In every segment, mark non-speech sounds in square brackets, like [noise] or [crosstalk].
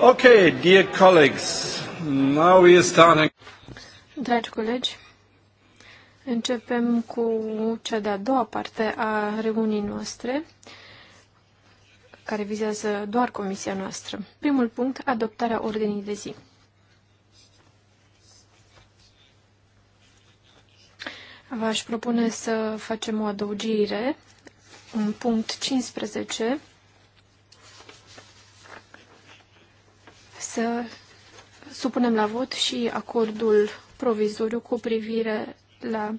Ok, dear colleagues, now we are starting. Dragi colegi, începem cu cea de-a doua parte a reunii noastre, care vizează doar comisia noastră. Primul punct, adoptarea ordinii de zi. V-aș propune să facem o adăugire în punct 15 să supunem la vot și acordul provizoriu cu privire la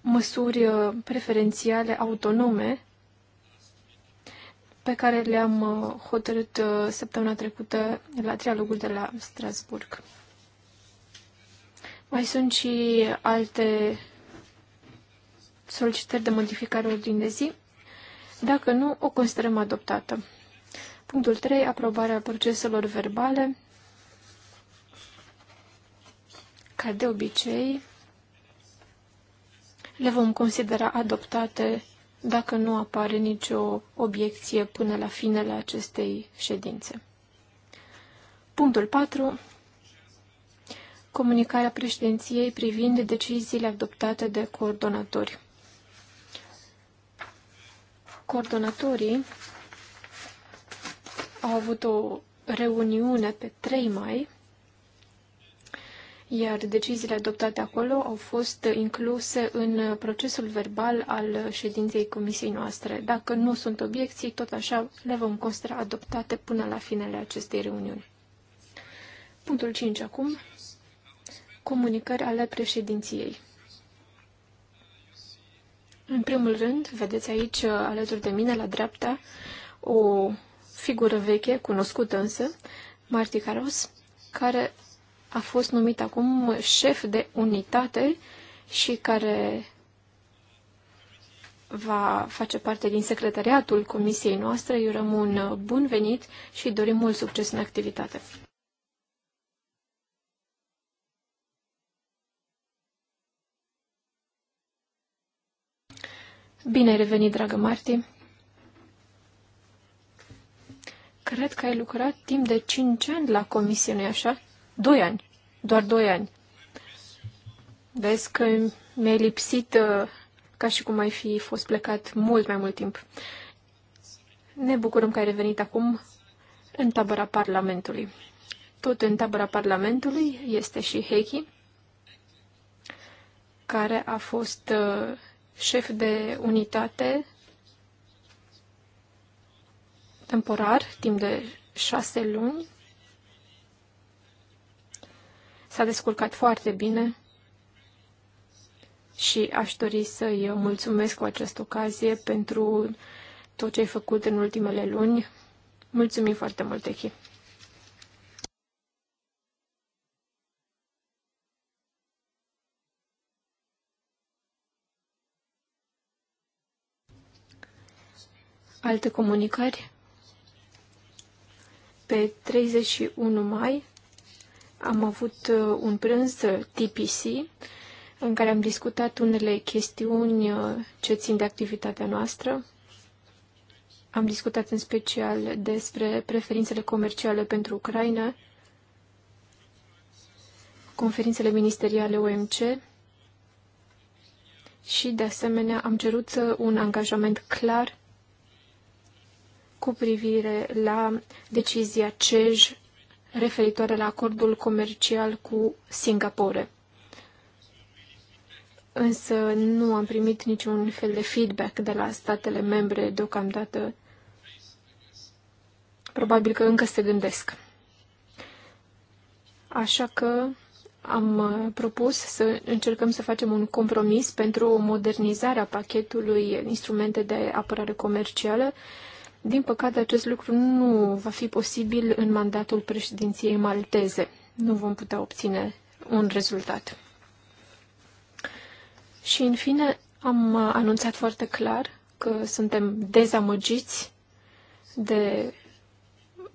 măsuri uh, preferențiale autonome pe care le-am uh, hotărât uh, săptămâna trecută la trialogul de la Strasburg. Mai sunt și alte solicitări de modificare ordine de zi. Dacă nu, o considerăm adoptată. Punctul 3. Aprobarea proceselor verbale. Ca de obicei, le vom considera adoptate dacă nu apare nicio obiecție până la finele acestei ședințe. Punctul 4. Comunicarea președinției privind deciziile adoptate de coordonatori. Coordonatorii au avut o reuniune pe 3 mai, iar deciziile adoptate acolo au fost incluse în procesul verbal al ședinței comisiei noastre. Dacă nu sunt obiecții, tot așa le vom considera adoptate până la finele acestei reuniuni. Punctul 5 acum. Comunicări ale președinției. În primul rând, vedeți aici, alături de mine, la dreapta, o figură veche, cunoscută însă, Marti Caros, care a fost numit acum șef de unitate și care va face parte din secretariatul comisiei noastre. Îi urăm un bun venit și dorim mult succes în activitate. Bine ai revenit, dragă Marti! Cred că ai lucrat timp de cinci ani la comisie, nu așa? Doi ani. Doar doi ani. Vezi că mi-ai lipsit uh, ca și cum ai fi fost plecat mult mai mult timp. Ne bucurăm că ai revenit acum în tabăra Parlamentului. Tot în tabăra Parlamentului este și Heki, care a fost uh, șef de unitate temporar, timp de șase luni. S-a descurcat foarte bine și aș dori să-i mulțumesc cu această ocazie pentru tot ce ai făcut în ultimele luni. Mulțumim foarte mult, Echi! Alte comunicări? Pe 31 mai am avut uh, un prânz uh, TPC în care am discutat unele chestiuni uh, ce țin de activitatea noastră. Am discutat în special despre preferințele comerciale pentru Ucraina, conferințele ministeriale OMC și, de asemenea, am cerut un angajament clar cu privire la decizia CEJ referitoare la acordul comercial cu Singapore. Însă nu am primit niciun fel de feedback de la statele membre deocamdată. Probabil că încă se gândesc. Așa că am uh, propus să încercăm să facem un compromis pentru modernizarea pachetului instrumente de apărare comercială din păcate, acest lucru nu va fi posibil în mandatul președinției malteze. Nu vom putea obține un rezultat. Și, în fine, am anunțat foarte clar că suntem dezamăgiți de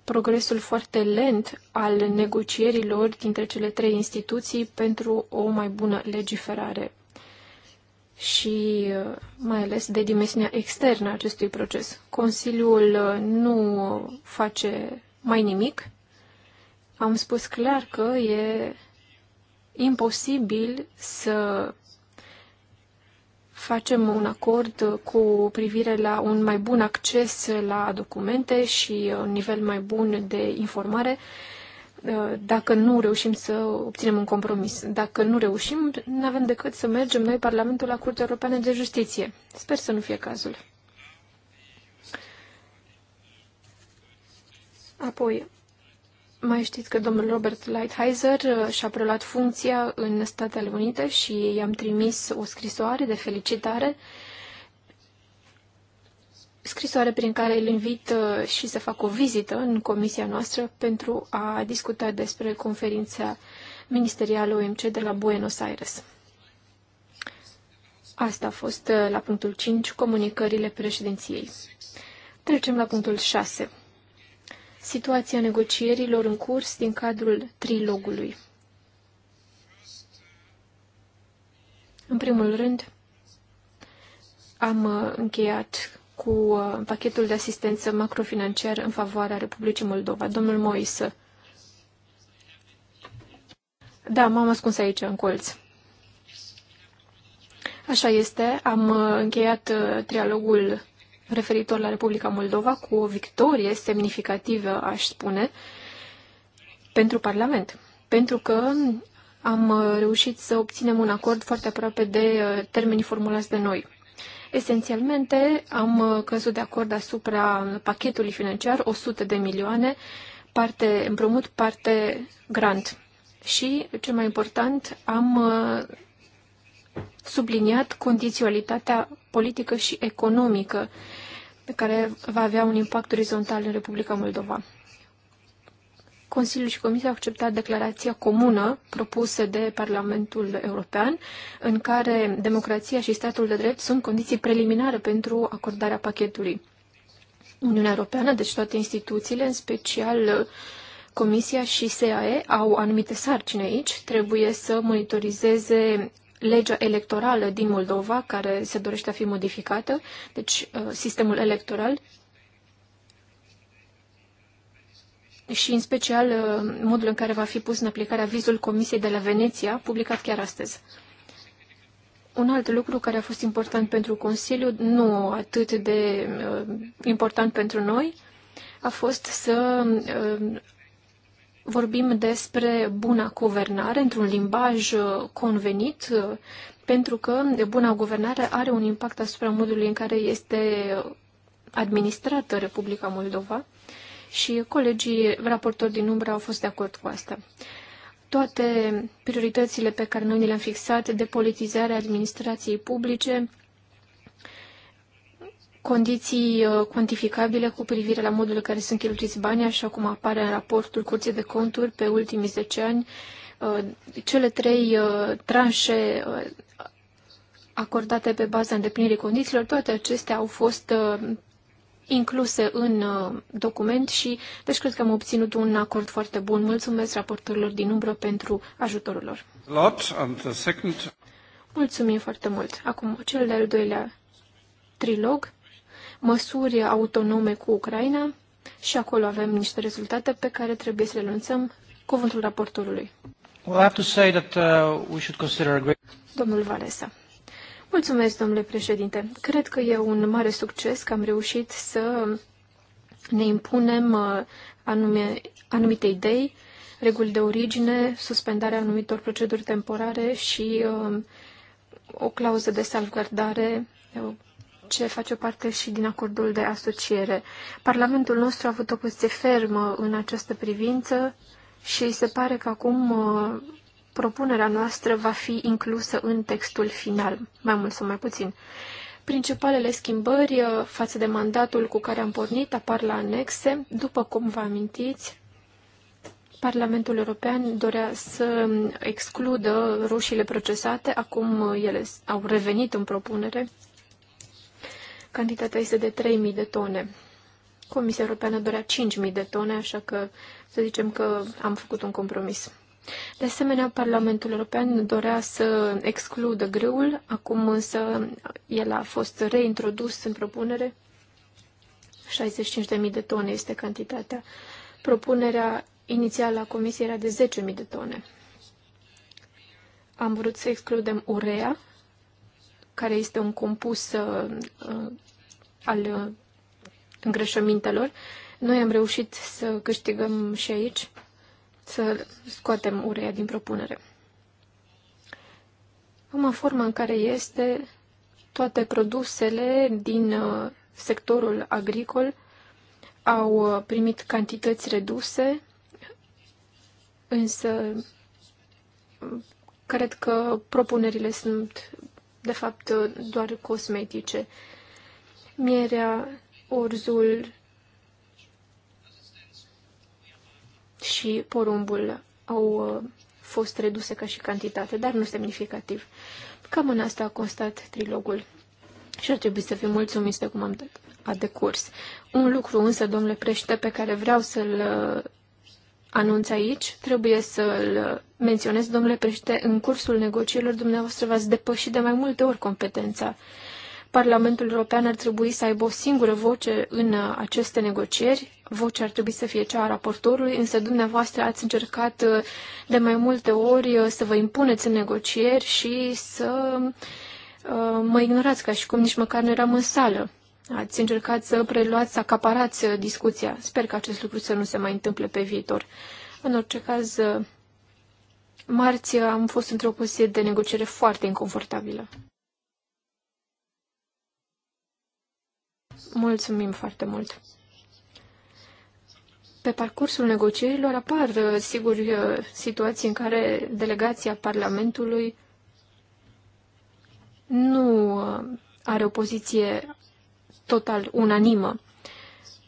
progresul foarte lent al negocierilor dintre cele trei instituții pentru o mai bună legiferare și uh, mai ales de dimensiunea externă a acestui proces. Consiliul uh, nu face mai nimic. Am spus clar că e imposibil să facem un acord cu privire la un mai bun acces la documente și un nivel mai bun de informare Uh, dacă nu reușim să obținem un compromis. Dacă nu reușim, nu avem decât să mergem noi, Parlamentul, la Curtea Europeană de Justiție. Sper să nu fie cazul. Apoi, mai știți că domnul Robert Lighthizer uh, și-a preluat funcția în Statele Unite și i-am trimis o scrisoare de felicitare uh, scrisoare prin care îl invit uh, și să fac o vizită în comisia noastră pentru a discuta despre conferința ministerială OMC de la Buenos Aires. Asta a fost uh, la punctul 5, comunicările președinției. Trecem la punctul 6. Situația negocierilor în curs din cadrul trilogului. În primul rând, am uh, încheiat cu uh, pachetul de asistență macrofinanciară în favoarea Republicii Moldova. Domnul Moise. Da, m-am ascuns aici, în colț. Așa este, am uh, încheiat uh, trialogul referitor la Republica Moldova cu o victorie semnificativă, aș spune, pentru Parlament. Pentru că am reușit să obținem un acord foarte aproape de termenii formulați de noi. Esențialmente am uh, căzut de acord asupra pachetului financiar, 100 de milioane, parte împrumut, parte grant. Și, cel mai important, am uh, subliniat condiționalitatea politică și economică pe care va avea un impact orizontal în Republica Moldova. Consiliul și Comisia au acceptat declarația comună propusă de Parlamentul European, în care democrația și statul de drept sunt condiții preliminare pentru acordarea pachetului. Uniunea Europeană, deci toate instituțiile, în special uh, Comisia și SAE, au anumite sarcini aici. Trebuie să monitorizeze legea electorală din Moldova, care se dorește a fi modificată, deci uh, sistemul electoral, și în special uh, modul în care va fi pus în aplicare avizul Comisiei de la Veneția, publicat chiar astăzi. Un alt lucru care a fost important pentru Consiliu, nu atât de uh, important pentru noi, a fost să uh, vorbim despre buna guvernare într-un limbaj convenit, pentru că buna guvernare are un impact asupra modului în care este administrată Republica Moldova și colegii raportori din umbră au fost de acord cu asta. Toate prioritățile pe care noi le-am fixat, de a administrației publice, condiții uh, cuantificabile cu privire la modul în care sunt cheltuiți banii, așa cum apare în raportul Curții de Conturi pe ultimii 10 ani, uh, cele trei uh, tranșe acordate pe baza îndeplinirii condițiilor, toate acestea au fost incluse în uh, document și deci cred că am obținut un acord foarte bun. Mulțumesc raportorilor din umbră pentru ajutorul lor. Mulțumim foarte mult. Acum, cel de-al doilea trilog, măsuri autonome cu Ucraina și acolo avem niște rezultate pe care trebuie să le anunțăm cuvântul raportorului. Well, I have to say that, uh, we should consider... Domnul Valesa. Mulțumesc, domnule președinte. Cred că e un mare succes că am reușit să ne impunem uh, anume, anumite idei, reguli de origine, suspendarea anumitor proceduri temporare și uh, o clauză de salvgardare uh, ce face parte și din acordul de asociere. Parlamentul nostru a avut o poziție fermă în această privință și se pare că acum propunerea noastră va fi inclusă în textul final, mai mult sau mai puțin. Principalele schimbări uh, față de mandatul cu care am pornit apar la anexe. După cum vă amintiți, Parlamentul European dorea să excludă rușile procesate, acum uh, ele au revenit în propunere. Cantitatea este de 3.000 de tone. Comisia Europeană dorea 5.000 de tone, așa că să zicem că am făcut un compromis. De asemenea, Parlamentul European dorea să excludă grâul, acum însă el a fost reintrodus în propunere. 65.000 de tone este cantitatea. Propunerea inițială a Comisiei era de 10.000 de tone. Am vrut să excludem urea, care este un compus uh, al uh, îngrășămintelor. Noi am reușit să câștigăm și aici să scoatem ureia din propunere. Acum, forma în care este, toate produsele din uh, sectorul agricol au uh, primit cantități reduse, însă uh, cred că propunerile sunt, de fapt, doar cosmetice. Mierea, orzul, și porumbul au uh, fost reduse ca și cantitate, dar nu semnificativ. Cam în asta a constat trilogul și ar trebui să fim mulțumiți de cum am dat a decurs. Un lucru însă, domnule prește, pe care vreau să-l uh, anunț aici, trebuie să-l uh, menționez, domnule prește, în cursul negocierilor dumneavoastră v-ați depășit de mai multe ori competența Parlamentul European ar trebui să aibă o singură voce în uh, aceste negocieri. Vocea ar trebui să fie cea a raportorului, însă dumneavoastră ați încercat uh, de mai multe ori uh, să vă impuneți în negocieri și să mă ignorați ca și cum nici măcar nu eram în sală. Ați încercat să preluați, să acaparați discuția. Sper că acest lucru să nu se mai întâmple pe viitor. În orice caz, marți am fost într-o poziție de negociere foarte inconfortabilă. Mulțumim foarte mult! Pe parcursul negocierilor apar, uh, sigur, uh, situații în care delegația Parlamentului nu uh, are o poziție total unanimă.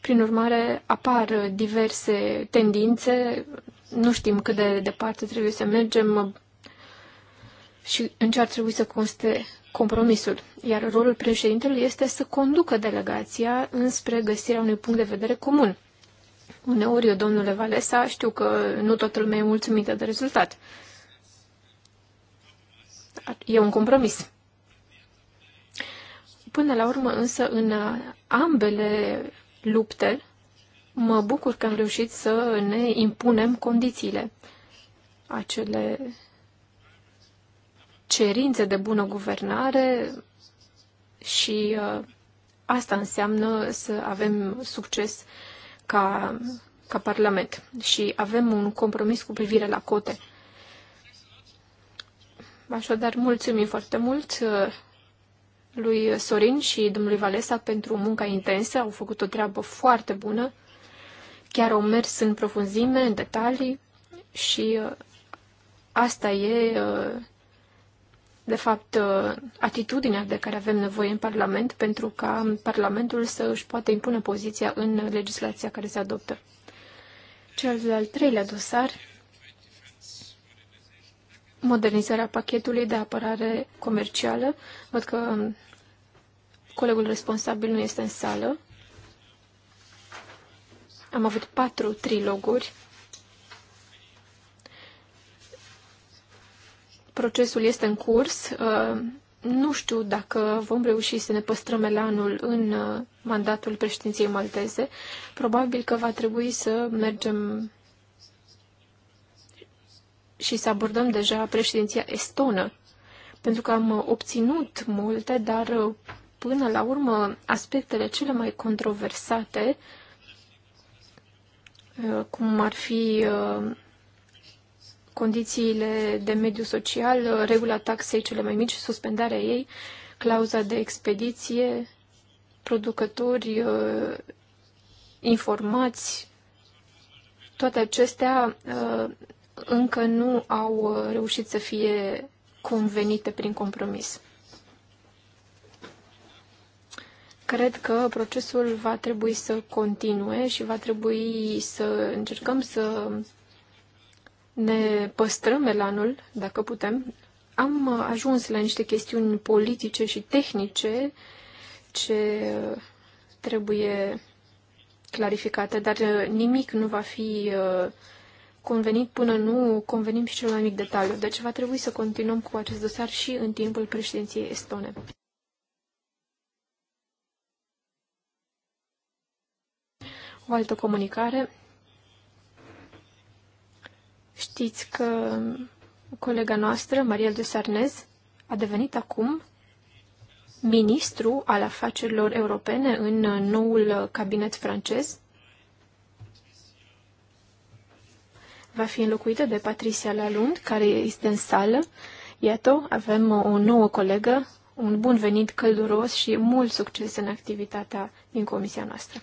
Prin urmare, apar diverse tendințe, nu știm cât de departe trebuie să mergem și în ce ar trebui să conste compromisul, iar rolul președintelui este să conducă delegația înspre găsirea unui punct de vedere comun. Uneori eu, domnule Valesa, știu că nu toată lumea e mulțumită de rezultat. E un compromis. Până la urmă, însă, în ambele lupte, mă bucur că am reușit să ne impunem condițiile. Acele cerințe de bună guvernare și uh, asta înseamnă să avem succes ca, ca Parlament. Și avem un compromis cu privire la cote. Așadar, mulțumim foarte mult uh, lui Sorin și domnului Valesa pentru munca intensă. Au făcut o treabă foarte bună. Chiar au mers în profunzime, în detalii și uh, asta e de fapt, uh, atitudinea de care avem nevoie în Parlament pentru ca Parlamentul să își poată impune poziția în legislația care se adoptă. Cel de-al treilea dosar, modernizarea pachetului de apărare comercială. Văd că colegul responsabil nu este în sală. Am avut patru triloguri Procesul este în curs. Uh, nu știu dacă vom reuși să ne păstrăm elanul în uh, mandatul președinției malteze. Probabil că va trebui să mergem și să abordăm deja președinția estonă, pentru că am obținut multe, dar uh, până la urmă aspectele cele mai controversate, cum ar fi condițiile de mediu social, regula taxei cele mai mici, suspendarea ei, clauza de expediție, producători uh, informați, toate acestea uh, încă nu au uh, reușit să fie convenite prin compromis. Cred că procesul va trebui să continue și va trebui să încercăm să ne păstrăm elanul, dacă putem. Am ajuns la niște chestiuni politice și tehnice ce trebuie clarificate, dar uh, nimic nu va fi uh, convenit până nu convenim și cel mai mic detaliu. Deci va trebui să continuăm cu acest dosar și în timpul președinției estone. O altă comunicare. Știți că colega noastră, Mariel de Sarnez, a devenit acum ministru al afacerilor europene în noul cabinet francez. Va fi înlocuită de Patricia Lalund, care este în sală. Iată, avem o nouă colegă, un bun venit călduros și mult succes în activitatea din comisia noastră.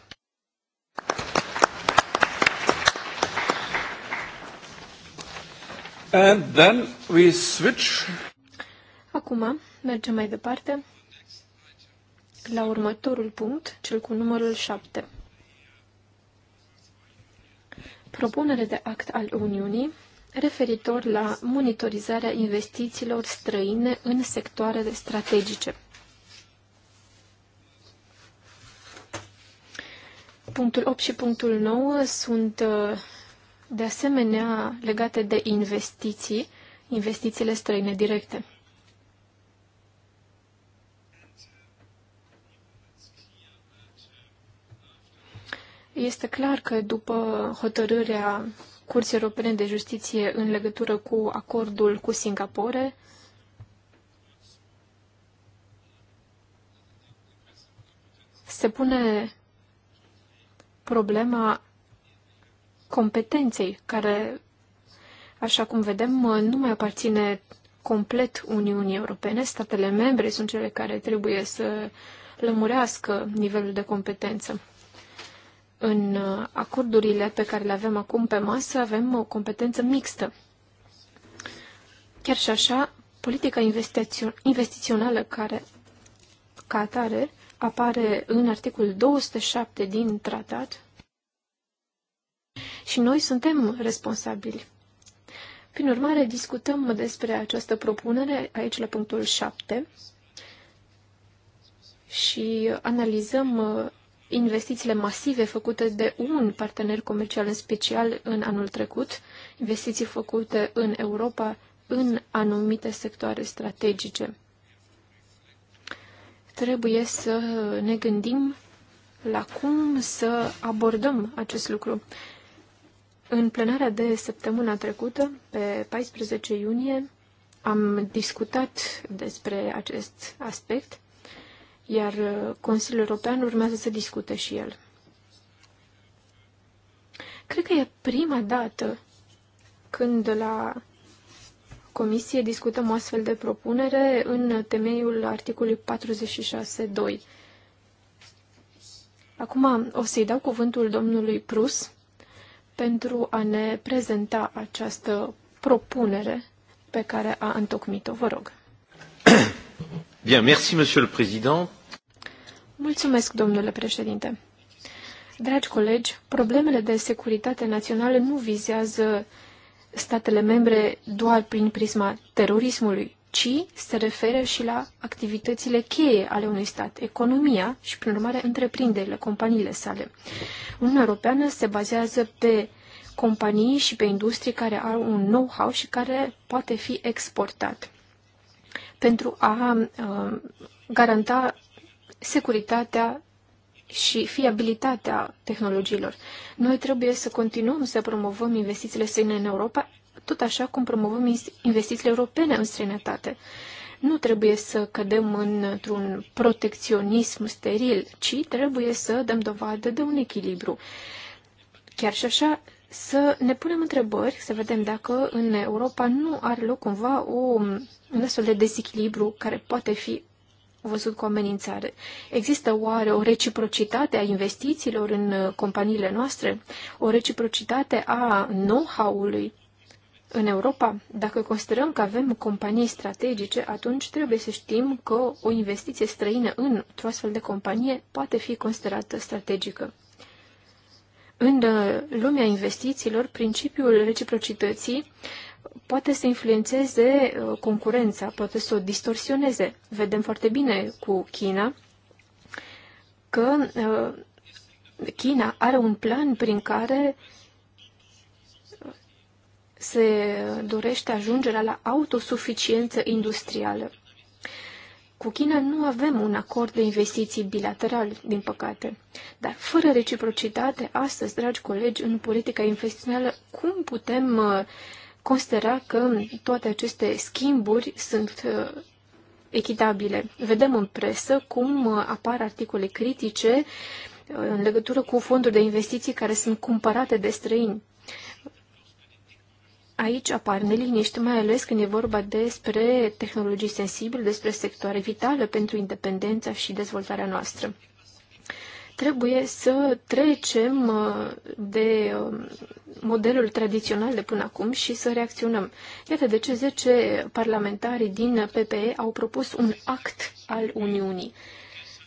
And then we switch. Acum mergem mai departe la următorul punct, cel cu numărul 7. Propunere de act al Uniunii referitor la monitorizarea investițiilor străine în sectoarele strategice. Punctul 8 și punctul 9 sunt uh, de asemenea legate de investiții, investițiile străine directe. Este clar că după hotărârea Curții Europene de Justiție în legătură cu acordul cu Singapore, se pune problema competenței, care, așa cum vedem, nu mai aparține complet Uniunii Europene. Statele membre sunt cele care trebuie să lămurească nivelul de competență. În acordurile pe care le avem acum pe masă avem o competență mixtă. Chiar și așa, politica investițională care, ca atare, apare în articolul 207 din tratat și noi suntem responsabili. Prin urmare, discutăm despre această propunere aici la punctul 7 și analizăm uh, investițiile masive făcute de un partener comercial în special în anul trecut, investiții făcute în Europa în anumite sectoare strategice. Trebuie să ne gândim la cum să abordăm acest lucru. În plenarea de săptămâna trecută, pe 14 iunie, am discutat despre acest aspect, iar uh, Consiliul European urmează să discute și el. Cred că e prima dată când la Comisie discutăm o astfel de propunere în temeiul articolului 46.2. Acum o să-i dau cuvântul domnului Prus pentru a ne prezenta această propunere pe care a întocmit-o. Vă rog. Bien, merci, monsieur le président. Mulțumesc, domnule președinte. Dragi colegi, problemele de securitate națională nu vizează statele membre doar prin prisma terorismului, ci se referă și la activitățile cheie ale unui stat, economia și, prin urmare, întreprinderile, companiile sale. Uniunea Europeană se bazează pe companii și pe industrii care au un know-how și care poate fi exportat pentru a uh, garanta securitatea și fiabilitatea tehnologiilor. Noi trebuie să continuăm să promovăm investițiile străine în Europa, tot așa cum promovăm investițiile europene în străinătate. Nu trebuie să cădem într-un protecționism steril, ci trebuie să dăm dovadă de un echilibru. Chiar și așa, să ne punem întrebări, să vedem dacă în Europa nu are loc cumva o, un astfel de dezechilibru care poate fi văzut cu amenințare. Există oare o reciprocitate a investițiilor în uh, companiile noastre, o reciprocitate a know-how-ului în Europa, dacă considerăm că avem companii strategice, atunci trebuie să știm că o investiție străină în o astfel de companie poate fi considerată strategică. În uh, lumea investițiilor, principiul reciprocității poate să influențeze uh, concurența, poate să o distorsioneze. Vedem foarte bine cu China că uh, China are un plan prin care se dorește ajungerea la autosuficiență industrială. Cu China nu avem un acord de investiții bilateral, din păcate. Dar fără reciprocitate, astăzi, dragi colegi, în politica investițională, cum putem uh, considera că toate aceste schimburi sunt uh, echitabile? Vedem în presă cum uh, apar articole critice în legătură cu fonduri de investiții care sunt cumpărate de străini. Aici apar neliniști, mai ales când e vorba despre tehnologii sensibile, despre sectoare vitale pentru independența și dezvoltarea noastră. Trebuie să trecem uh, de um, modelul tradițional de până acum și să reacționăm. Iată de ce 10 parlamentari din PPE au propus un act al Uniunii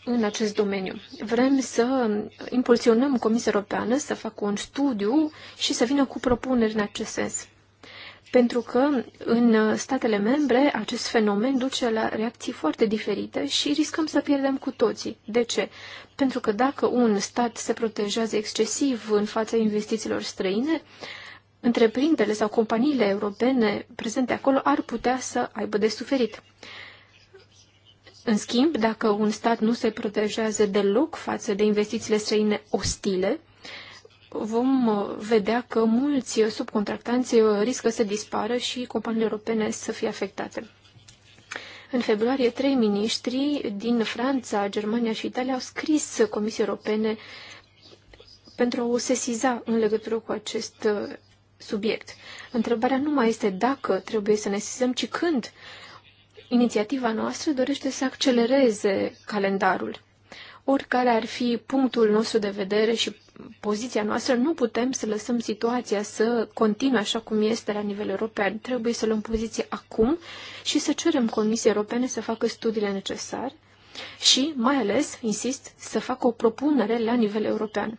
în acest domeniu. Vrem să impulsionăm Comisia Europeană să facă un studiu și să vină cu propuneri în acest sens pentru că în statele membre acest fenomen duce la reacții foarte diferite și riscăm să pierdem cu toții. De ce? Pentru că dacă un stat se protejează excesiv în fața investițiilor străine, întreprinderile sau companiile europene prezente acolo ar putea să aibă de suferit. În schimb, dacă un stat nu se protejează deloc față de investițiile străine ostile, vom uh, vedea că mulți subcontractanți uh, riscă să dispară și companiile europene să fie afectate. În februarie, trei miniștri din Franța, Germania și Italia au scris Comisiei Europene pentru a o sesiza în legătură cu acest uh, subiect. Întrebarea nu mai este dacă trebuie să ne sesizăm, ci când. Inițiativa noastră dorește să accelereze calendarul oricare ar fi punctul nostru de vedere și poziția noastră, nu putem să lăsăm situația să continue așa cum este la nivel european. Trebuie să luăm poziție acum și să cerem Comisiei Europene să facă studiile necesare și, mai ales, insist, să facă o propunere la nivel european.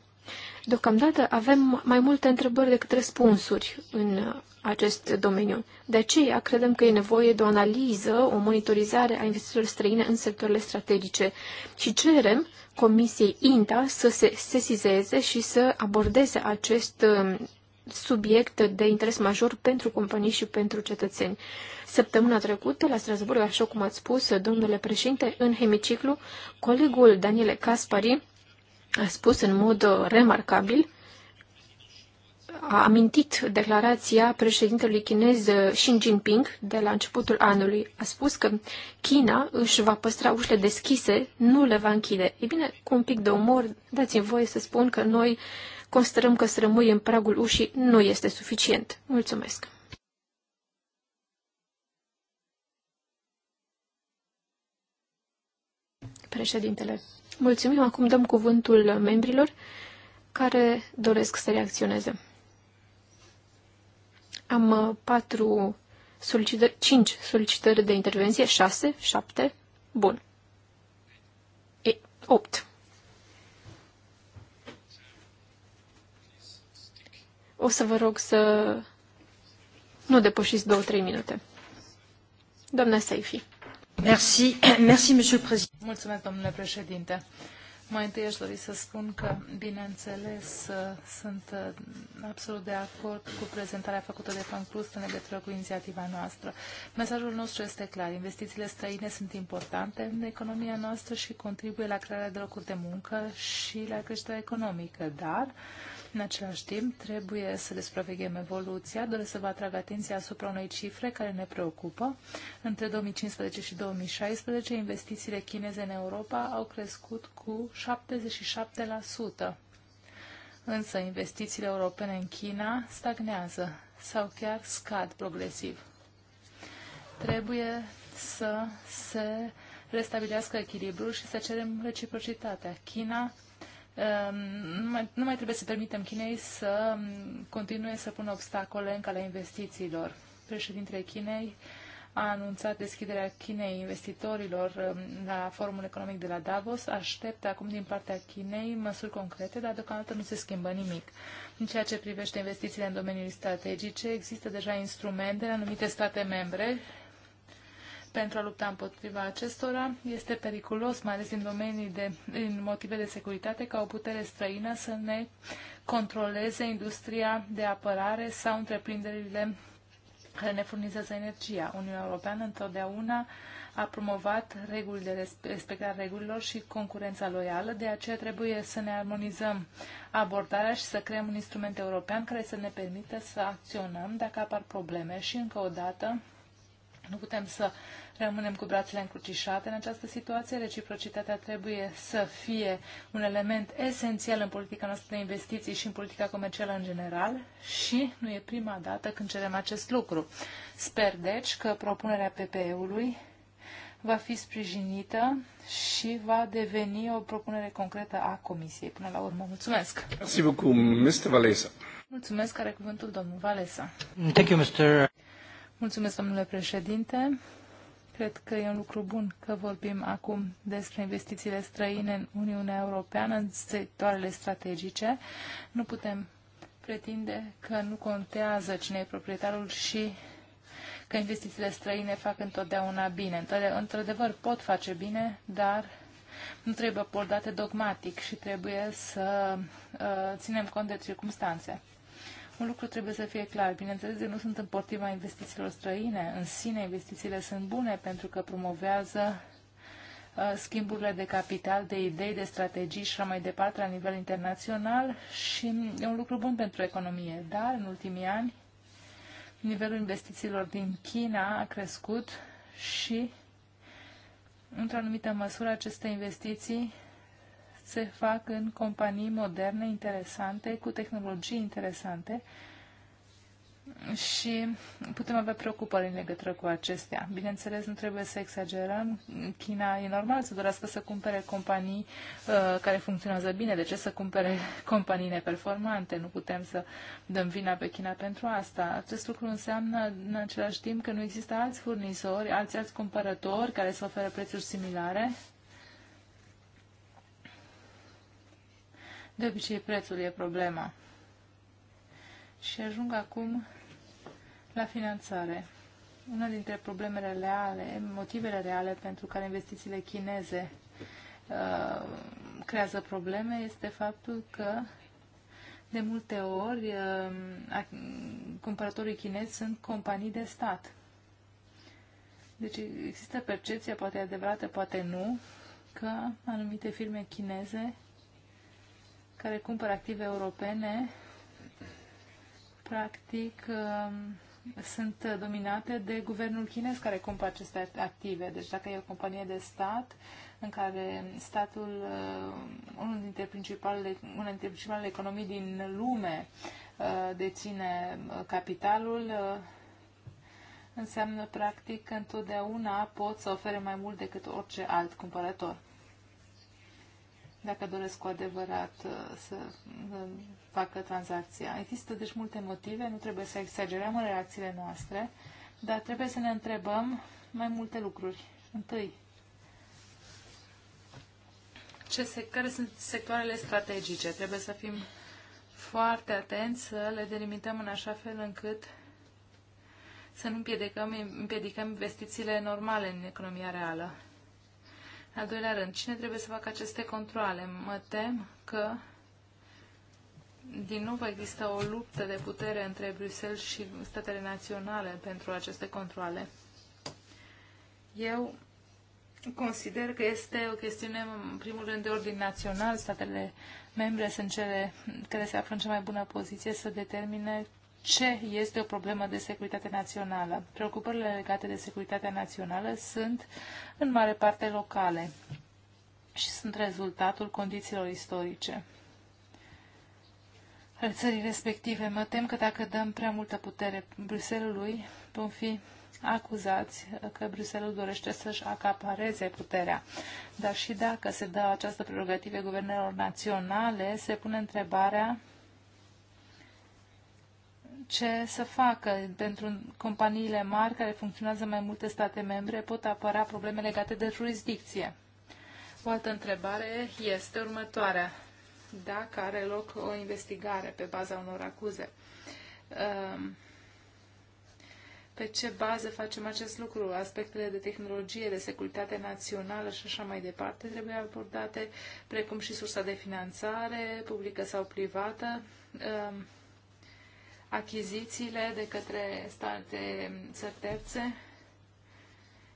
Deocamdată avem mai multe întrebări decât răspunsuri în acest domeniu. De aceea credem că e nevoie de o analiză, o monitorizare a investițiilor străine în sectoarele strategice și cerem Comisiei INTA să se sesizeze și să abordeze acest um, subiect de interes major pentru companii și pentru cetățeni. Săptămâna trecută, la Strasburg, așa cum ați spus, domnule președinte, în hemiciclu, colegul Daniele Caspari a spus în mod uh, remarcabil a amintit declarația președintelui chinez uh, Xi Jinping de la începutul anului. A spus că China își va păstra ușile deschise, nu le va închide. E bine, cu un pic de umor, dați-mi voie să spun că noi constrăm că să rămâi în pragul ușii nu este suficient. Mulțumesc! Președintele, mulțumim. Acum dăm cuvântul membrilor care doresc să reacționeze. Am uh, patru solicitări, cinci solicitări de intervenție, șase, șapte, bun. E, opt. O să vă rog să nu depășiți două, trei minute. Doamna Saifi. Merci, merci, monsieur Mulțumesc, domnule președinte. Mai întâi aș dori să spun că, bineînțeles, sunt uh, absolut de acord cu prezentarea făcută de Frank Proust în legătură cu inițiativa noastră. Mesajul nostru este clar. Investițiile străine sunt importante în economia noastră și contribuie la crearea de locuri de muncă și la creșterea economică, dar în același timp, trebuie să le supraveghem evoluția. Doresc să vă atrag atenția asupra unei cifre care ne preocupă. Între 2015 și 2016, investițiile chineze în Europa au crescut cu 77%. Însă investițiile europene în China stagnează sau chiar scad progresiv. Trebuie să se restabilească echilibrul și să cerem reciprocitatea. China um, nu mai, nu mai trebuie să permitem Chinei să um, continue să pună obstacole în calea investițiilor. Președintele Chinei a anunțat deschiderea Chinei investitorilor um, la Forumul Economic de la Davos. Aștept acum din partea Chinei măsuri concrete, dar deocamdată nu se schimbă nimic. În ceea ce privește investițiile în domeniile strategice, există deja instrumente în anumite state membre pentru a lupta împotriva acestora. Este periculos, mai ales în domenii de, în motive de securitate, ca o putere străină să ne controleze industria de apărare sau întreprinderile care ne furnizează energia. Uniunea Europeană întotdeauna a promovat reguli de respectarea regulilor și concurența loială, de aceea trebuie să ne armonizăm abordarea și să creăm un instrument european care să ne permită să acționăm dacă apar probleme și încă o dată nu putem să rămânem cu brațele încrucișate în această situație. Reciprocitatea trebuie să fie un element esențial în politica noastră de investiții și în politica comercială în general și nu e prima dată când cerem acest lucru. Sper, deci, că propunerea PPE-ului va fi sprijinită și va deveni o propunere concretă a Comisiei. Până la urmă, mulțumesc! Mulțumesc, are cuvântul domnul Valesa. Thank you, Mr. Mulțumesc, domnule președinte. Cred că e un lucru bun că vorbim acum despre investițiile străine în Uniunea Europeană, în sectoarele strategice. Nu putem pretinde că nu contează cine e proprietarul și că investițiile străine fac întotdeauna bine. Într-adevăr, pot face bine, dar nu trebuie abordate dogmatic și trebuie să uh, ținem cont de circumstanțe un lucru trebuie să fie clar. Bineînțeles, eu nu sunt împotriva investițiilor străine. În sine, investițiile sunt bune pentru că promovează uh, schimburile de capital, de idei, de strategii și mai departe la nivel internațional și e un lucru bun pentru economie. Dar în ultimii ani nivelul investițiilor din China a crescut și într-o anumită măsură aceste investiții se fac în companii moderne, interesante, cu tehnologii interesante și putem avea preocupări în legătură cu acestea. Bineînțeles, nu trebuie să exagerăm. China e normal să dorească să cumpere companii uh, care funcționează bine. De ce să cumpere [laughs] companii neperformante? Nu putem să dăm vina pe China pentru asta. Acest lucru înseamnă în același timp că nu există alți furnizori, alți alți cumpărători care să ofere prețuri similare De obicei, prețul e problema. Și ajung acum la finanțare. Una dintre problemele reale, motivele reale pentru care investițiile chineze uh, creează probleme este faptul că de multe ori uh, cumpărătorii chinezi sunt companii de stat. Deci există percepția, poate adevărată, poate nu, că anumite firme chineze care cumpără active europene, practic um, sunt dominate de guvernul chinez care cumpără aceste active. Deci dacă e o companie de stat, în care statul, uh, unul dintre principalele, una dintre principalele economii din lume uh, deține uh, capitalul, înseamnă practic că întotdeauna pot să ofere mai mult decât orice alt cumpărător dacă doresc cu adevărat uh, să facă tranzacția. Există deci multe motive, nu trebuie să exagerăm în reacțiile noastre, dar trebuie să ne întrebăm mai multe lucruri. Întâi, ce se, care sunt sectoarele strategice? Trebuie să fim foarte atenți să le delimităm în așa fel încât să nu împiedicăm, împiedicăm investițiile normale în economia reală. Al doilea rând, cine trebuie să facă aceste controle? Mă tem că din nou există o luptă de putere între Bruxelles și statele naționale pentru aceste controle. Eu consider că este o chestiune, în primul rând, de ordin național. Statele membre sunt cele care se află în cea mai bună poziție să determine ce este o problemă de securitate națională. Preocupările legate de securitatea națională sunt în mare parte locale și sunt rezultatul condițiilor istorice ale țării respective. Mă tem că dacă dăm prea multă putere Bruselului, vom fi acuzați că Bruselul dorește să-și acapareze puterea. Dar și dacă se dă această prerogative guvernelor naționale, se pune întrebarea ce să facă pentru companiile mari care funcționează în mai multe state membre, pot apăra probleme legate de jurisdicție. O altă întrebare este următoarea. Dacă are loc o investigare pe baza unor acuze, um, pe ce bază facem acest lucru? Aspectele de tehnologie, de securitate națională și așa mai departe trebuie abordate, precum și sursa de finanțare, publică sau privată um, achizițiile de către state țărtețe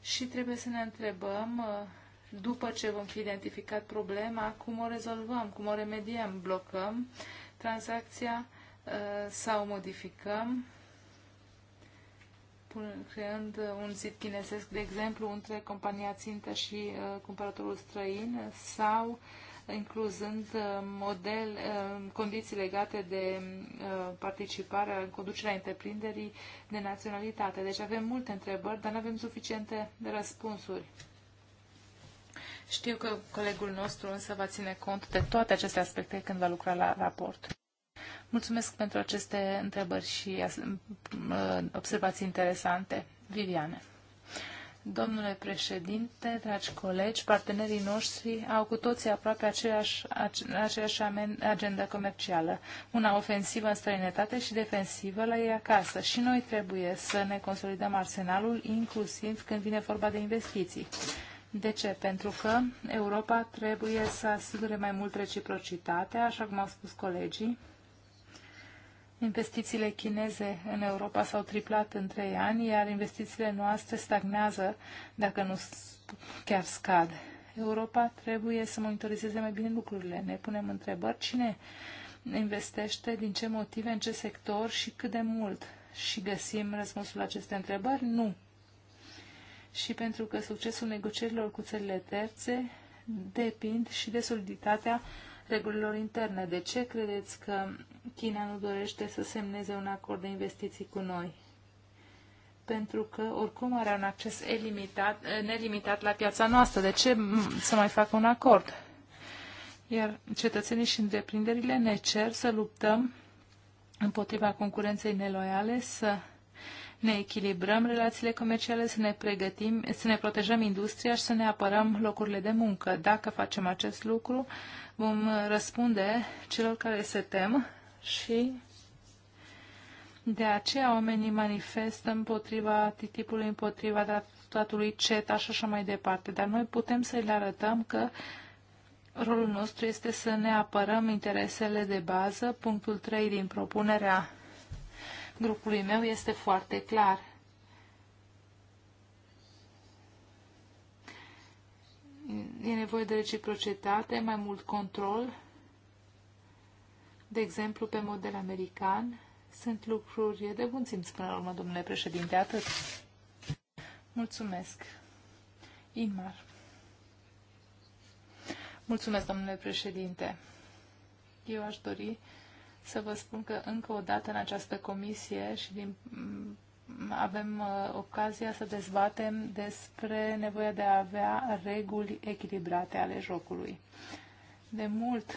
și trebuie să ne întrebăm, uh, după ce vom fi identificat problema, cum o rezolvăm, cum o remediem, blocăm tranzacția uh, sau modificăm, creând un zid chinezesc, de exemplu, între compania țintă și uh, cumpărătorul străin sau uh, incluzând uh, model, uh, condiții legate de uh, participarea în conducerea întreprinderii de naționalitate. Deci avem multe întrebări, dar nu avem suficiente răspunsuri. Știu că colegul nostru însă va ține cont de toate aceste aspecte când va lucra la raport. Mulțumesc pentru aceste întrebări și observații interesante. Viviane. Domnule președinte, dragi colegi, partenerii noștri au cu toții aproape aceeași, aceeași agenda comercială. Una ofensivă în străinătate și defensivă la ei acasă. Și noi trebuie să ne consolidăm arsenalul, inclusiv când vine vorba de investiții. De ce? Pentru că Europa trebuie să asigure mai mult reciprocitatea, așa cum au spus colegii, Investițiile chineze în Europa s-au triplat în trei ani, iar investițiile noastre stagnează, dacă nu chiar scad. Europa trebuie să monitorizeze mai bine lucrurile. Ne punem întrebări cine investește, din ce motive, în ce sector și cât de mult. Și găsim răspunsul la aceste întrebări? Nu. Și pentru că succesul negocierilor cu țările terțe depind și de soliditatea regulilor interne. De ce credeți că China nu dorește să semneze un acord de investiții cu noi, pentru că oricum are un acces elimitat, nelimitat la piața noastră. De ce să mai facă un acord? Iar cetățenii și întreprinderile ne cer să luptăm împotriva concurenței neloiale, să ne echilibrăm relațiile comerciale, să ne pregătim, să ne protejăm industria și să ne apărăm locurile de muncă. Dacă facem acest lucru, vom răspunde celor care se tem și de aceea oamenii manifestă împotriva tipului, împotriva împotriva statului așa și așa mai departe. Dar noi putem să le arătăm că rolul nostru este să ne apărăm interesele de bază. Punctul 3 din propunerea grupului meu este foarte clar. E nevoie de reciprocitate, mai mult control de exemplu, pe model american, sunt lucruri de bun simț până la urmă, domnule președinte, atât. Mulțumesc. Inmar. Mulțumesc, domnule președinte. Eu aș dori să vă spun că încă o dată în această comisie și din, mm, avem uh, ocazia să dezbatem despre nevoia de a avea reguli echilibrate ale jocului. De mult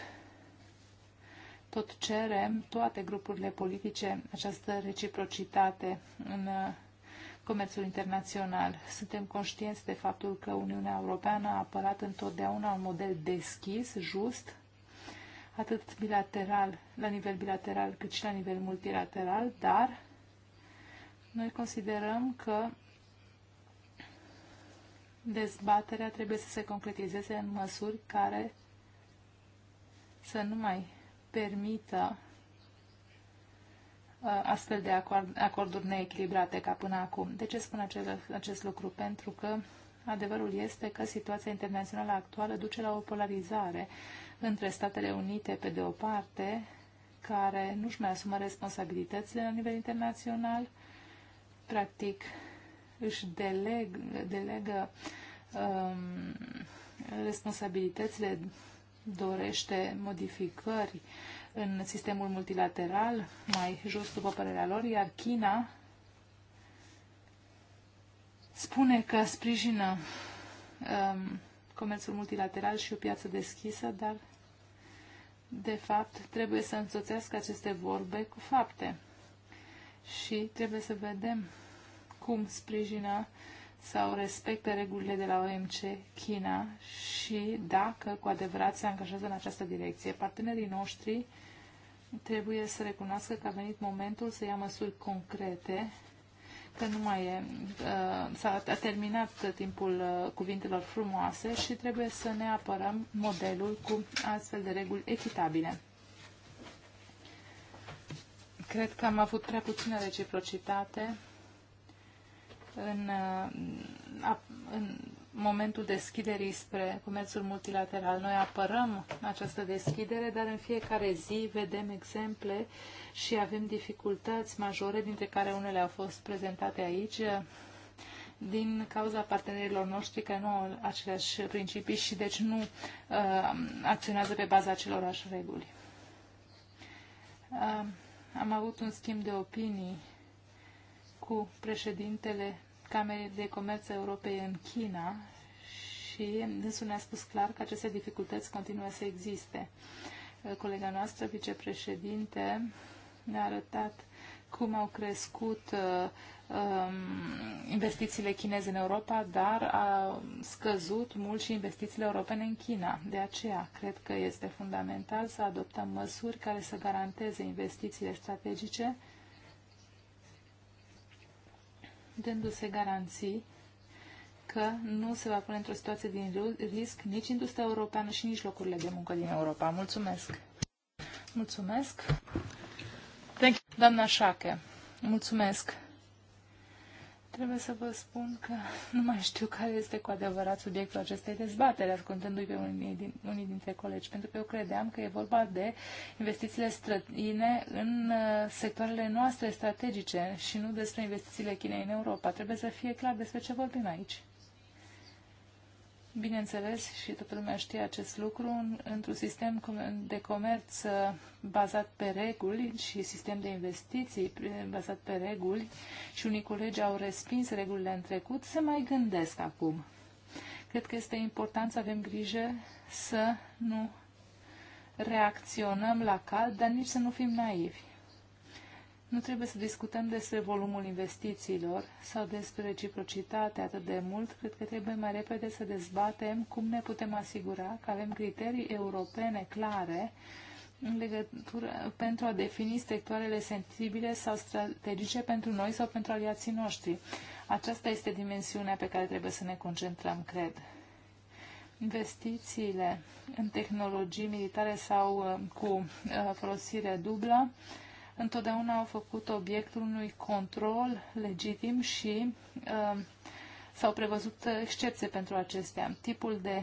tot cerem, toate grupurile politice, această reciprocitate în uh, comerțul internațional. Suntem conștienți de faptul că Uniunea Europeană a apărat întotdeauna un model deschis, just, atât bilateral, la nivel bilateral, cât și la nivel multilateral, dar noi considerăm că dezbaterea trebuie să se concretizeze în măsuri care să nu mai permită uh, astfel de acorduri neechilibrate ca până acum. De ce spun acest lucru? Pentru că adevărul este că situația internațională actuală duce la o polarizare între Statele Unite, pe de o parte, care nu-și mai asumă responsabilitățile la nivel internațional, practic își deleg, delegă um, responsabilitățile dorește modificări în sistemul multilateral, mai jos după părerea lor, iar China spune că sprijină um, comerțul multilateral și o piață deschisă, dar de fapt trebuie să însoțească aceste vorbe cu fapte. Și trebuie să vedem cum sprijină uh, sau respectă regulile de la OMC China și dacă cu adevărat se angajează în această direcție. Partenerii noștri trebuie să recunoască că a venit momentul să ia măsuri concrete, că nu mai e, uh, s-a terminat timpul uh, cuvintelor frumoase și trebuie să ne apărăm modelul cu astfel de reguli echitabile. Cred că am avut prea puțină reciprocitate în, uh, în momentul deschiderii spre comerțul multilateral. Noi apărăm această deschidere, dar în fiecare zi vedem exemple și avem dificultăți majore, dintre care unele au fost prezentate aici, din cauza partenerilor noștri care nu au aceleași principii și deci nu uh, acționează pe baza acelorași reguli. Uh, am avut un schimb de opinii cu președintele Camerei de Comerț Europei în China și dânsul ne-a spus clar că aceste dificultăți continuă să existe. Uh, colega noastră, vicepreședinte, ne-a arătat cum au crescut uh, um, investițiile chineze în Europa, dar a scăzut mult și investițiile europene în China. De aceea, cred că este fundamental să adoptăm măsuri care să garanteze investițiile strategice dându-se garanții că nu se va pune într-o situație din risc nici industria europeană și nici locurile de muncă din Europa. Mulțumesc! Mulțumesc! Thank you. Doamna Șache, mulțumesc! Trebuie să vă spun că [laughs] nu mai știu care este cu adevărat subiectul acestei dezbateri, ascultându-i pe unii, din, unii dintre colegi, pentru că eu credeam că e vorba de investițiile străine în uh, sectoarele noastre strategice și nu despre investițiile Chinei în Europa. Trebuie să fie clar despre ce vorbim aici. Bineînțeles, și toată lumea știe acest lucru, într-un sistem de comerț uh, bazat pe reguli și sistem de investiții bazat pe reguli și unii colegi au respins regulile în trecut, se mai gândesc acum. Cred că este important să avem grijă să nu reacționăm la cald, dar nici să nu fim naivi. Nu trebuie să discutăm despre volumul investițiilor sau despre reciprocitate atât de mult, cred că trebuie mai repede să dezbatem cum ne putem asigura că avem criterii europene clare în legătură, pentru a defini sectoarele sensibile sau strategice pentru noi sau pentru aliații noștri. Aceasta este dimensiunea pe care trebuie să ne concentrăm, cred. Investițiile în tehnologii militare sau uh, cu uh, folosire dublă întotdeauna au făcut obiectul unui control legitim și uh, s-au prevăzut excepții pentru acestea. Tipul de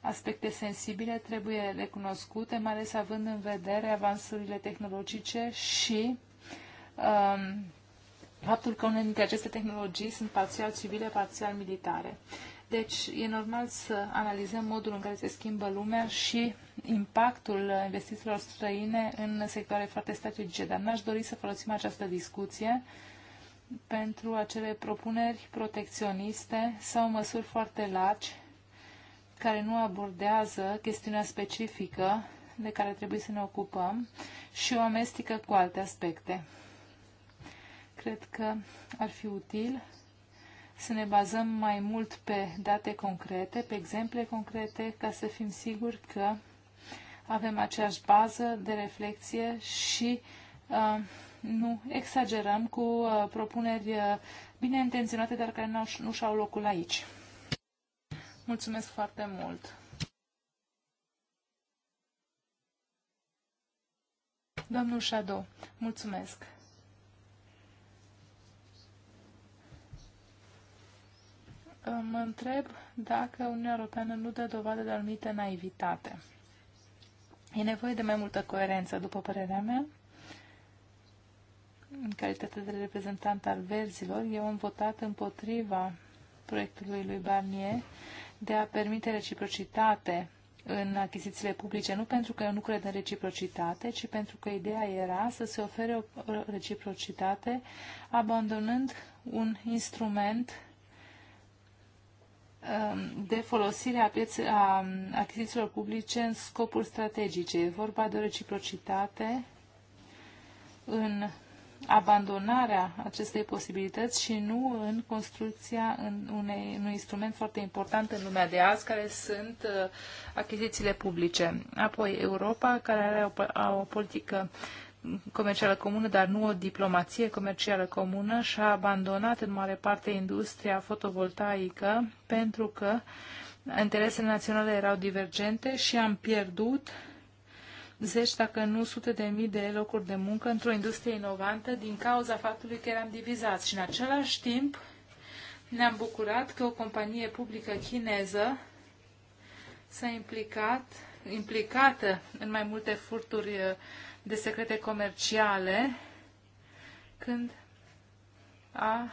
aspecte sensibile trebuie recunoscute, mai ales având în vedere avansurile tehnologice și um, faptul că unele dintre aceste tehnologii sunt parțial civile, parțial militare. Deci e normal să analizăm modul în care se schimbă lumea și impactul investițiilor străine în sectoare foarte strategice, dar n-aș dori să folosim această discuție pentru acele propuneri protecționiste sau măsuri foarte largi care nu abordează chestiunea specifică de care trebuie să ne ocupăm și o amestecă cu alte aspecte. Cred că ar fi util să ne bazăm mai mult pe date concrete, pe exemple concrete, ca să fim siguri că avem aceeași bază de reflexie și uh, nu exagerăm cu uh, propuneri uh, bine intenționate, dar care nu și-au locul aici. Mulțumesc foarte mult! Domnul Shadow, mulțumesc! mă întreb dacă Uniunea Europeană nu dă dovadă de anumită naivitate. E nevoie de mai multă coerență, după părerea mea. În calitate de reprezentant al verzilor, eu am votat împotriva proiectului lui Barnier de a permite reciprocitate în achizițiile publice, nu pentru că eu nu cred în reciprocitate, ci pentru că ideea era să se ofere o reciprocitate abandonând un instrument Um, de folosire a, pieț- a achizițiilor publice în scopuri strategice. E vorba de o reciprocitate în abandonarea acestei posibilități și nu în construcția în unei, unui instrument foarte important în lumea de azi, care sunt uh, achizițiile publice. Apoi Europa, care are o, o politică comercială comună, dar nu o diplomație comercială comună și a abandonat în mare parte industria fotovoltaică pentru că interesele naționale erau divergente și am pierdut zeci, dacă nu sute de mii de locuri de muncă într-o industrie inovantă din cauza faptului că eram divizați. Și în același timp ne-am bucurat că o companie publică chineză s-a implicat, implicată în mai multe furturi uh, de secrete comerciale când a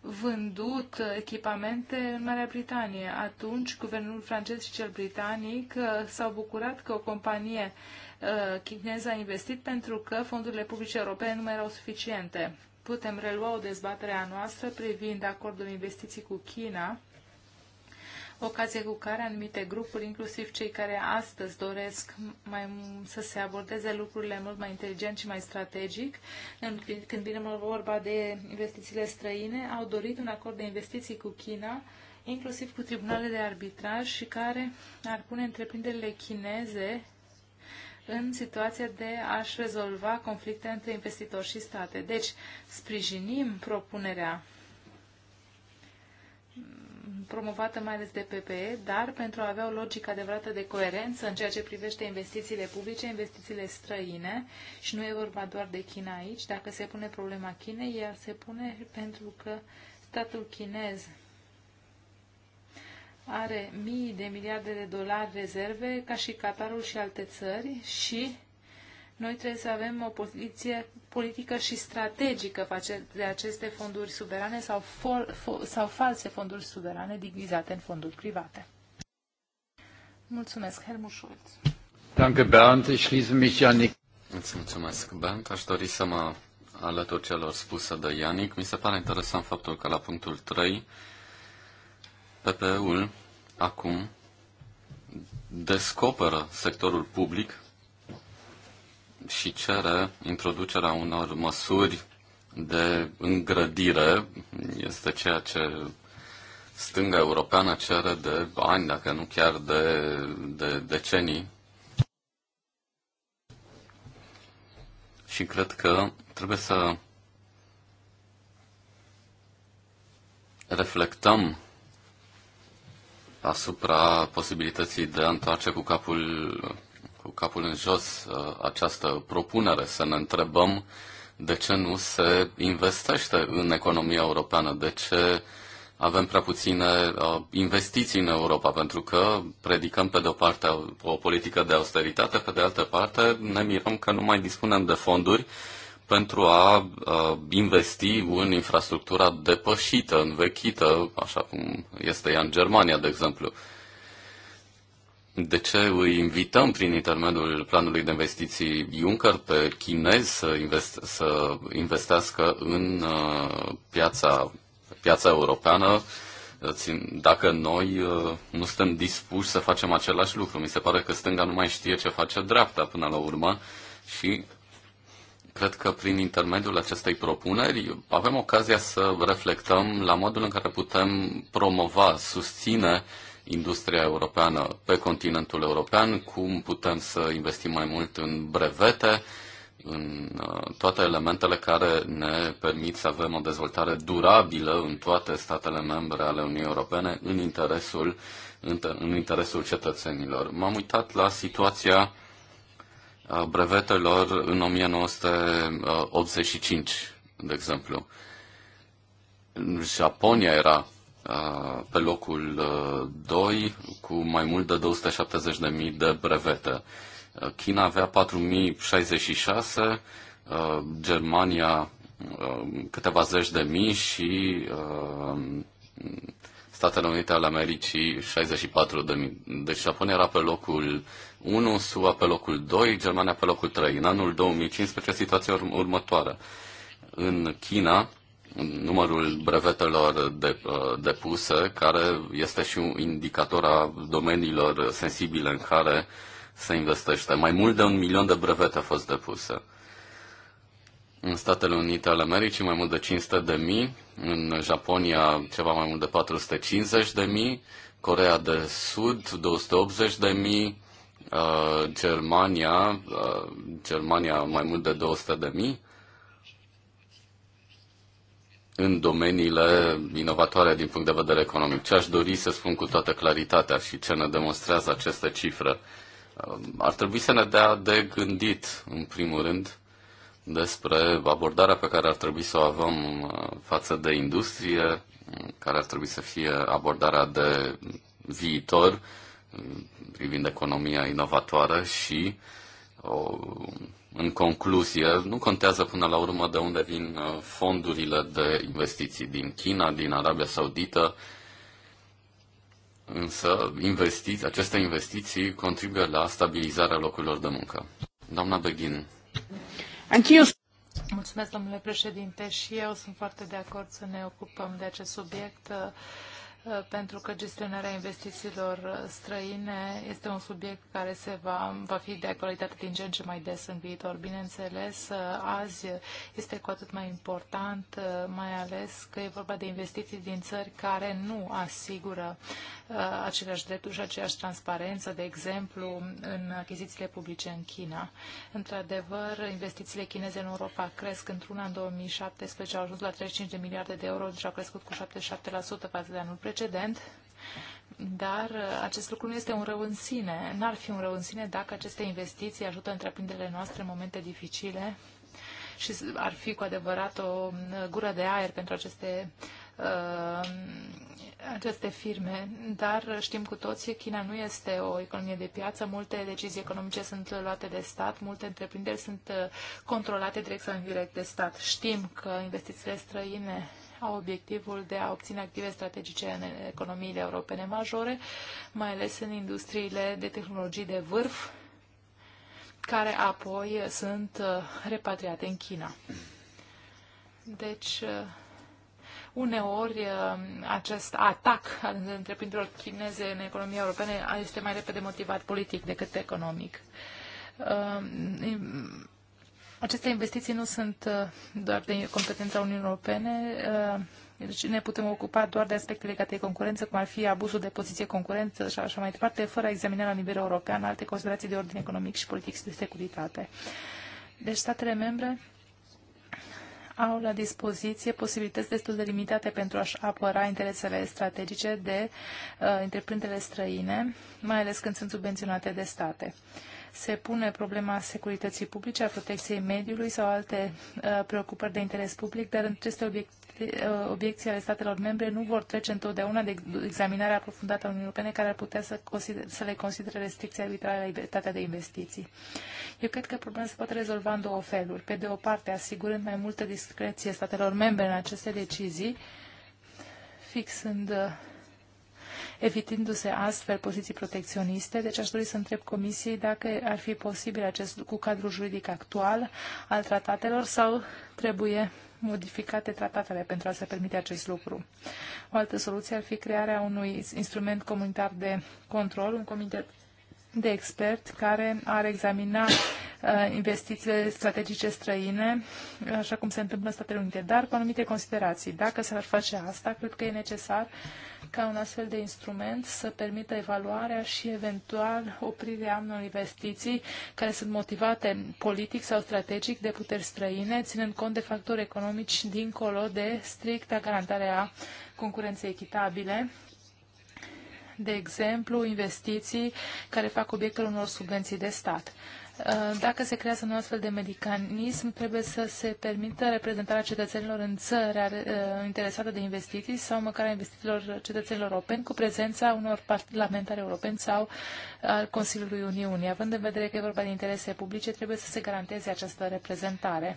vândut echipamente în Marea Britanie. Atunci, guvernul francez și cel britanic uh, s-au bucurat că o companie uh, chineză a investit pentru că fondurile publice europene nu mai erau suficiente. Putem relua o dezbatere a noastră privind acordul investiții cu China ocazie cu care anumite grupuri, inclusiv cei care astăzi doresc mai, să se abordeze lucrurile mult mai inteligent și mai strategic, când vine vorba de investițiile străine, au dorit un acord de investiții cu China, inclusiv cu tribunale de arbitraj și care ar pune întreprinderile chineze în situația de a-și rezolva conflicte între investitori și state. Deci, sprijinim propunerea promovată mai ales de PPE, dar pentru a avea o logică adevărată de coerență în ceea ce privește investițiile publice, investițiile străine, și nu e vorba doar de China aici, dacă se pune problema Chinei, ea se pune pentru că statul chinez are mii de miliarde de dolari rezerve, ca și Qatarul și alte țări, și noi trebuie să avem o poziție politică și strategică de aceste fonduri suverane sau, for, fo, sau false fonduri suverane divizate în fonduri private. Mulțumesc, Helmut Schulz. Danke, Bernd. Ich schließe mich Janik. Îți mulțumesc, Bernd. Aș dori să mă alătur celor spuse de Ianic. Mi se pare interesant faptul că la punctul 3 PPE-ul acum descoperă sectorul public și cere introducerea unor măsuri de îngrădire. Este ceea ce stânga europeană cere de ani, dacă nu chiar de, de decenii. Și cred că trebuie să reflectăm asupra posibilității de a întoarce cu capul cu capul în jos uh, această propunere, să ne întrebăm de ce nu se investește în economia europeană, de ce avem prea puține uh, investiții în Europa, pentru că predicăm pe de o parte o politică de austeritate, pe de altă parte ne mirăm că nu mai dispunem de fonduri pentru a uh, investi în infrastructura depășită, învechită, așa cum este ea în Germania, de exemplu de ce îi invităm prin intermediul planului de investiții Juncker pe chinezi să, invest, să investească în uh, piața, piața europeană uh, dacă noi uh, nu suntem dispuși să facem același lucru? Mi se pare că stânga nu mai știe ce face dreapta până la urmă și cred că prin intermediul acestei propuneri avem ocazia să reflectăm la modul în care putem promova, susține industria europeană pe continentul european, cum putem să investim mai mult în brevete, în uh, toate elementele care ne permit să avem o dezvoltare durabilă în toate statele membre ale Uniunii Europene în interesul, în interesul cetățenilor. M-am uitat la situația uh, brevetelor în 1985, uh, de exemplu. Japonia era pe locul 2 cu mai mult de 270.000 de brevete. China avea 4066, Germania câteva zeci de mii și Statele Unite ale Americii 64 de mii. Deci Japonia era pe locul 1, SUA pe locul 2, Germania pe locul 3. În anul 2015 situația următoare. În China, numărul brevetelor de, uh, depuse, care este și un indicator a domeniilor sensibile în care se investește. Mai mult de un milion de brevete au fost depuse. În Statele Unite ale Americii mai mult de 500 de mii, în Japonia ceva mai mult de 450 de mii, Corea de Sud 280 de mii, uh, Germania, uh, Germania mai mult de 200 de mii, în domeniile inovatoare din punct de vedere economic. Ce aș dori să spun cu toată claritatea și ce ne demonstrează aceste cifre? Um, ar trebui să ne dea de gândit, în primul rând, despre abordarea pe care ar trebui să o avem uh, față de industrie, care ar trebui să fie abordarea de viitor uh, privind economia inovatoare și o în concluzie, nu contează până la urmă de unde vin uh, fondurile de investiții, din China, din Arabia Saudită, însă investiți, aceste investiții contribuie la stabilizarea locurilor de muncă. Doamna Beghin. Mulțumesc, domnule președinte, și eu sunt foarte de acord să ne ocupăm de acest subiect Uh, pentru că gestionarea investițiilor uh, străine este un subiect care se va, va fi de actualitate din ce în ce mai des în viitor. Bineînțeles, uh, azi este cu atât mai important, mai ales că e vorba de investiții din țări care nu asigură aceleași drepturi și aceeași transparență, de exemplu, în achizițiile publice în China. Într-adevăr, investițiile chineze în Europa cresc într-una în 2017, au ajuns la 35 de miliarde de euro, deci au crescut cu 77% față de anul precedent precedent, dar uh, acest lucru nu este un rău în sine. N-ar fi un rău în sine dacă aceste investiții ajută întreprinderile noastre în momente dificile și ar fi cu adevărat o uh, gură de aer pentru aceste, uh, aceste firme. Dar știm cu toții, China nu este o economie de piață, multe decizii economice sunt luate de stat, multe întreprinderi sunt uh, controlate direct sau indirect de stat. Știm că investițiile străine au obiectivul de a obține active strategice în economiile europene majore, mai ales în industriile de tehnologii de vârf, care apoi sunt uh, repatriate în China. Deci, uh, uneori uh, acest atac al întreprinderilor chineze în economia europeană este mai repede motivat politic decât economic aceste investiții nu sunt uh, doar de competența Uniunii Europene, uh, deci ne putem ocupa doar de aspecte legate de concurență, cum ar fi abuzul de poziție concurență și așa mai departe, fără a examina la nivel european alte considerații de ordin economic și politic și de securitate. Deci statele membre au la dispoziție posibilități destul de limitate pentru a-și apăra interesele strategice de uh, întreprinderile străine, mai ales când sunt subvenționate de state. Uh, se pune problema securității publice, a protecției mediului sau alte uh, preocupări de interes public, dar aceste obiecte, uh, obiecții ale statelor membre nu vor trece întotdeauna de examinarea aprofundată a Uniunii Europene care ar putea să, consider, să le considere restricții arbitrare la libertatea de investiții. Eu cred că problema se poate rezolva în două feluri. Pe de o parte, asigurând mai multă discreție statelor membre în aceste decizii, fixând uh, evitându-se astfel poziții protecționiste. Deci aș dori să întreb Comisiei dacă ar fi posibil acest cu cadrul juridic actual al tratatelor sau trebuie modificate tratatele pentru a se permite acest lucru. O altă soluție ar fi crearea unui instrument comunitar de control, un comitet de expert care ar examina Uh, investițiile strategice străine, uh, așa cum se întâmplă în Statele Unite, dar cu anumite considerații. Dacă s-ar face asta, cred că e necesar ca un astfel de instrument să permită evaluarea și eventual oprirea unor investiții care sunt motivate politic sau strategic de puteri străine, ținând cont de factori economici dincolo de stricta garantare a concurenței echitabile, de exemplu, investiții care fac obiectul unor subvenții de stat. Uh, dacă se creează un astfel de mecanism, trebuie să se permită reprezentarea cetățenilor în țări uh, interesate de investiții sau măcar a investițiilor cetățenilor europeni cu prezența unor parlamentari europeni sau al Consiliului Uniunii. Având în vedere că e vorba de interese publice, trebuie să se garanteze această reprezentare.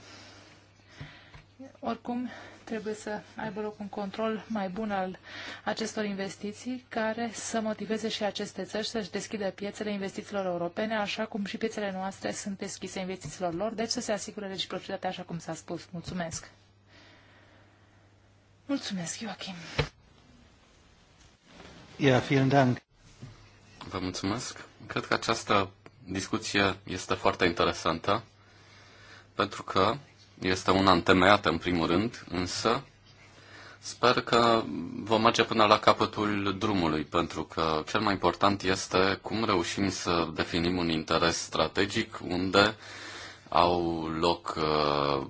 Oricum, trebuie să aibă loc un control mai bun al acestor investiții, care să motiveze și aceste țări să-și deschidă piețele investițiilor europene, așa cum și piețele noastre sunt deschise investițiilor lor, deci să se asigure reciprocitatea, așa cum s-a spus. Mulțumesc! Mulțumesc, Joachim! Yeah, vielen Dank. Vă mulțumesc. Cred că această discuție este foarte interesantă pentru că este una întemeiată în primul rând, însă sper că vom merge până la capătul drumului, pentru că cel mai important este cum reușim să definim un interes strategic unde au loc, uh,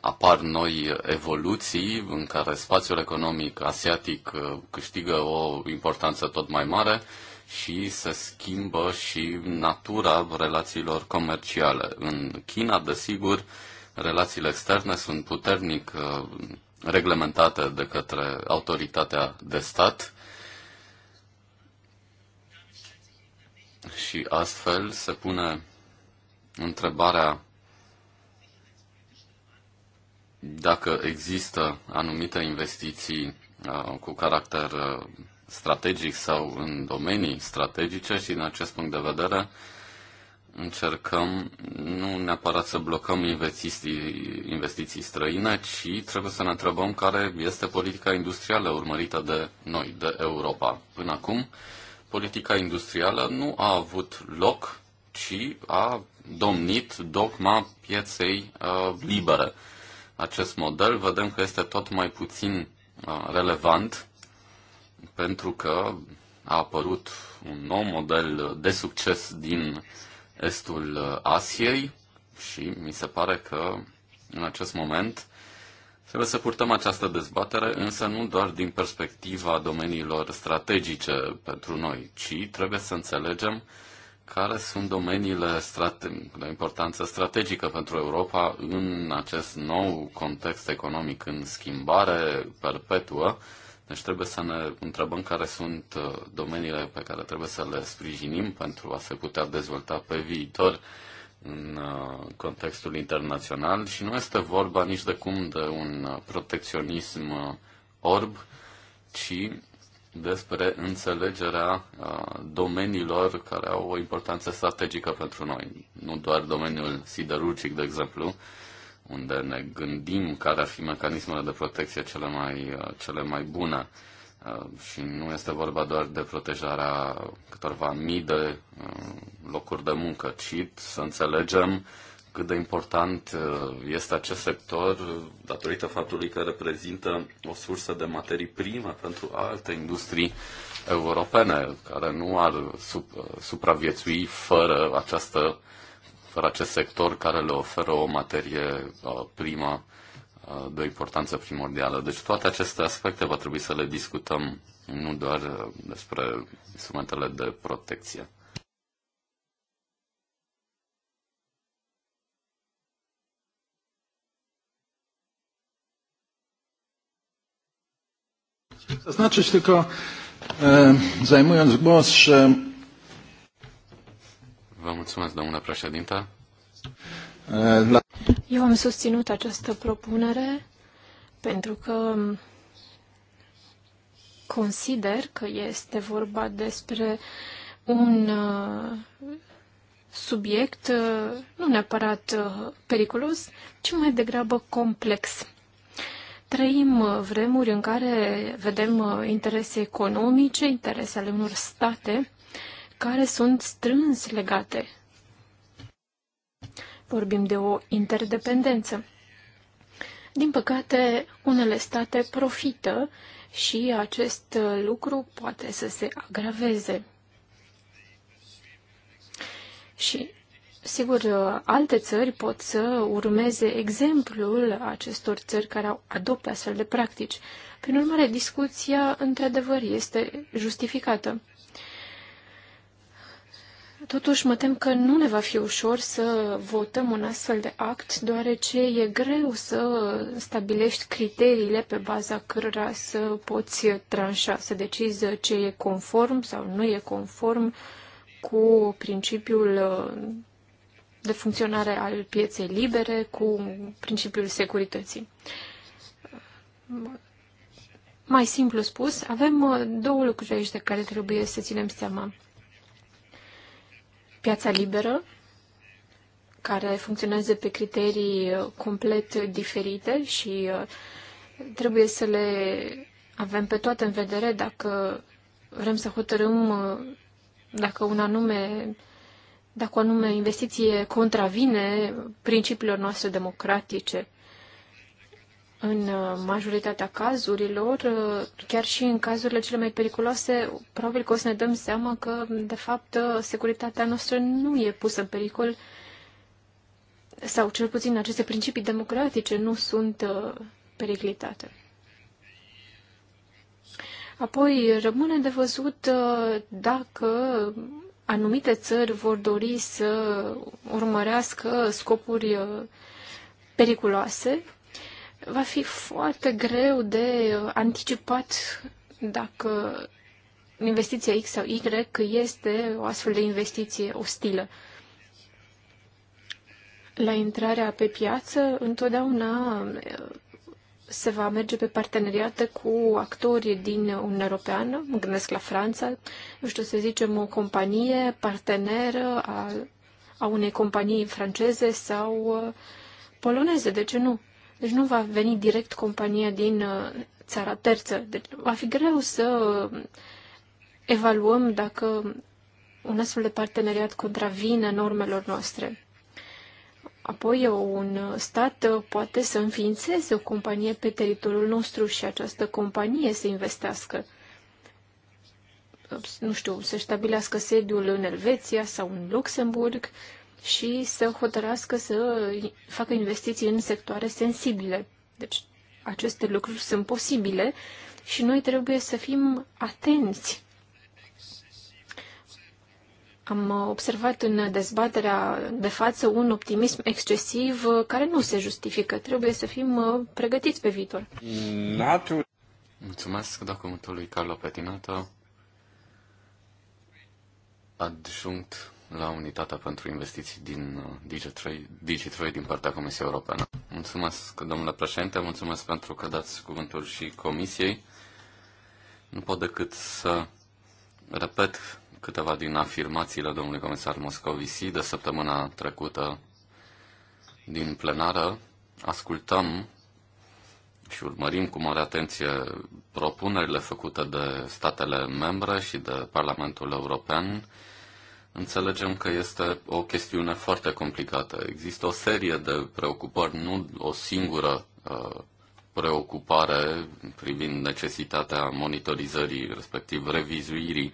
apar noi evoluții în care spațiul economic asiatic uh, câștigă o importanță tot mai mare și se schimbă și natura relațiilor comerciale. În China, desigur, relațiile externe sunt puternic uh, reglementate de către autoritatea de stat și astfel se pune întrebarea dacă există anumite investiții uh, cu caracter uh, strategic sau în domenii strategice și din acest punct de vedere încercăm nu neapărat să blocăm investiții, investiții străine, ci trebuie să ne întrebăm care este politica industrială urmărită de noi, de Europa. Până acum, politica industrială nu a avut loc, ci a domnit dogma pieței uh, libere. Acest model vedem că este tot mai puțin uh, relevant pentru că a apărut un nou model de succes din uh, estul uh, Asiei și mi se pare că în acest moment trebuie să purtăm această dezbatere, însă nu doar din perspectiva domeniilor strategice pentru noi, ci trebuie să înțelegem care sunt domeniile strate- de importanță strategică pentru Europa în acest nou context economic în schimbare perpetuă, deci trebuie să ne întrebăm care sunt uh, domeniile pe care trebuie să le sprijinim pentru a se putea dezvolta pe viitor în uh, contextul internațional și nu este vorba nici de cum de un uh, protecționism orb, ci despre înțelegerea domeniilor care au o importanță strategică pentru noi, nu doar domeniul siderurgic, de exemplu, unde ne gândim care ar fi mecanismele de protecție cele mai, cele mai bune. Uh, și nu este vorba doar de protejarea câtorva mii de uh, locuri de muncă, ci să înțelegem cât de important uh, este acest sector datorită faptului că reprezintă o sursă de materii prime pentru alte industrii europene care nu ar supraviețui fără această fără acest sector care le oferă o materie uh, primă uh, de o importanță primordială. Deci toate aceste aspecte va trebui să le discutăm, nu doar uh, despre instrumentele de protecție. Zaznaczyć tylko, e, zajmując głos, że Vă mulțumesc, doamna președintă. Eu am susținut această propunere pentru că consider că este vorba despre un uh, subiect uh, nu neapărat uh, periculos, ci mai degrabă complex. Trăim vremuri în care vedem interese economice, interese ale unor state care sunt strâns legate. Vorbim de o interdependență. Din păcate, unele state profită și acest lucru poate să se agraveze. Și, sigur, alte țări pot să urmeze exemplul acestor țări care adoptat astfel de practici. Prin urmare, discuția, într-adevăr, este justificată. Totuși, mă tem că nu ne va fi ușor să votăm un astfel de act, deoarece e greu să stabilești criteriile pe baza cărora să poți tranșa, să decizi ce e conform sau nu e conform cu principiul uh, de funcționare al pieței libere, cu principiul securității. Mai simplu spus, avem uh, două lucruri aici de care trebuie să ținem seama piața liberă, care funcționează pe criterii uh, complet diferite și uh, trebuie să le avem pe toate în vedere dacă vrem să hotărâm uh, dacă un anume dacă o anume investiție contravine principiilor noastre democratice. În uh, majoritatea cazurilor, uh, chiar și în cazurile cele mai periculoase, probabil că o să ne dăm seama că, de fapt, uh, securitatea noastră nu e pusă în pericol sau cel puțin aceste principii democratice nu sunt periclitate. Apoi rămâne de văzut dacă anumite țări vor dori să urmărească scopuri periculoase va fi foarte greu de anticipat dacă investiția X sau Y este o astfel de investiție ostilă. La intrarea pe piață, întotdeauna eh, se va merge pe parteneriate cu actori din Uniunea Europeană, mă gândesc la Franța, nu știu să zicem o companie parteneră a, a unei companii franceze sau eh, poloneze, de ce nu? Deci nu va veni direct compania din uh, țara terță. Deci va fi greu să evaluăm dacă un astfel de parteneriat contravine normelor noastre. Apoi, un stat uh, poate să înființeze o companie pe teritoriul nostru și această companie să investească. Nu știu, să stabilească sediul în Elveția sau în Luxemburg și să hotărască să facă investiții în sectoare sensibile. Deci aceste lucruri sunt posibile și noi trebuie să fim atenți. Am observat în dezbaterea de față un optimism excesiv care nu se justifică. Trebuie să fim uh, pregătiți pe viitor. Natu. Mulțumesc documentului Carlo Petinato, adjunct la Unitatea pentru Investiții din uh, DigiTrade, 3 din partea Comisiei Europene. Mulțumesc, domnule președinte, mulțumesc pentru că dați cuvântul și Comisiei. Nu pot decât să repet câteva din afirmațiile domnului comisar Moscovici de săptămâna trecută din plenară. Ascultăm și urmărim cu mare atenție propunerile făcute de statele membre și de Parlamentul European Înțelegem că este o chestiune foarte complicată. Există o serie de preocupări, nu o singură uh, preocupare privind necesitatea monitorizării, respectiv revizuirii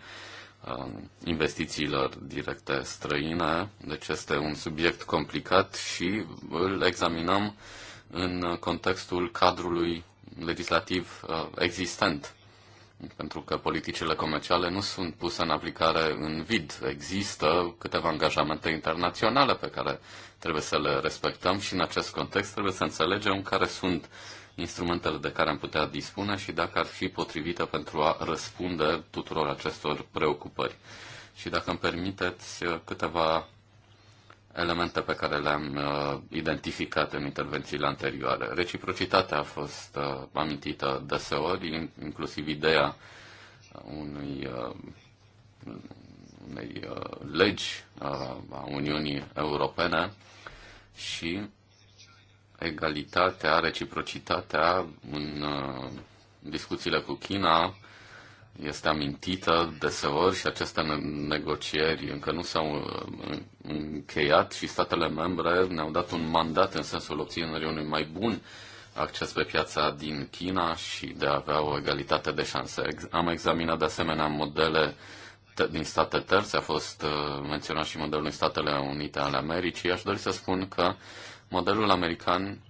uh, investițiilor directe străine. Deci este un subiect complicat și îl examinăm în contextul cadrului legislativ uh, existent pentru că politicile comerciale nu sunt puse în aplicare în vid. Există câteva angajamente internaționale pe care trebuie să le respectăm și în acest context trebuie să înțelegem care sunt instrumentele de care am putea dispune și dacă ar fi potrivită pentru a răspunde tuturor acestor preocupări. Și dacă îmi permiteți câteva elemente pe care le-am uh, identificat în intervențiile anterioare. Reciprocitatea a fost uh, amintită deseori, inclusiv ideea uh, unui, uh, unei uh, legi uh, a Uniunii Europene și egalitatea, reciprocitatea în uh, discuțiile cu China este amintită deseori și aceste negocieri încă nu s-au uh, încheiat și statele membre ne-au dat un mandat în sensul obținerii unui mai bun acces pe piața din China și de a avea o egalitate de șanse. Am examinat de asemenea modele din state terțe, a fost uh, menționat și modelul în Statele Unite ale Americii. Aș dori să spun că modelul american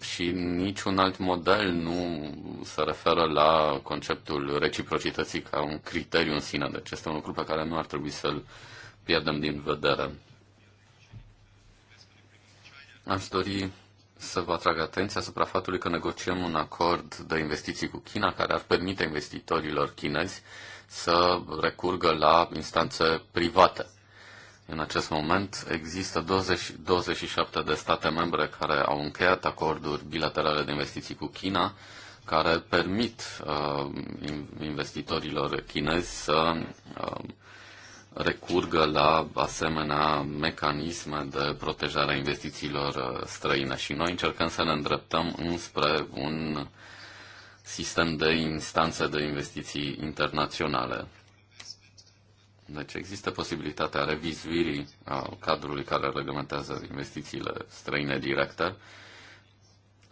și niciun alt model nu se referă la conceptul reciprocității ca un criteriu în sine. Deci este un lucru pe care nu ar trebui să-l pierdem din vedere. Aș dori să vă atrag atenția asupra faptului că negociem un acord de investiții cu China care ar permite investitorilor chinezi să recurgă la instanțe private. În acest moment există 20, 27 de state membre care au încheiat acorduri bilaterale de investiții cu China, care permit uh, investitorilor chinezi să uh, recurgă la asemenea mecanisme de protejare a investițiilor uh, străine și noi încercăm să ne îndreptăm înspre un sistem de instanțe de investiții internaționale. Deci există posibilitatea revizuirii cadrului care reglementează investițiile străine directe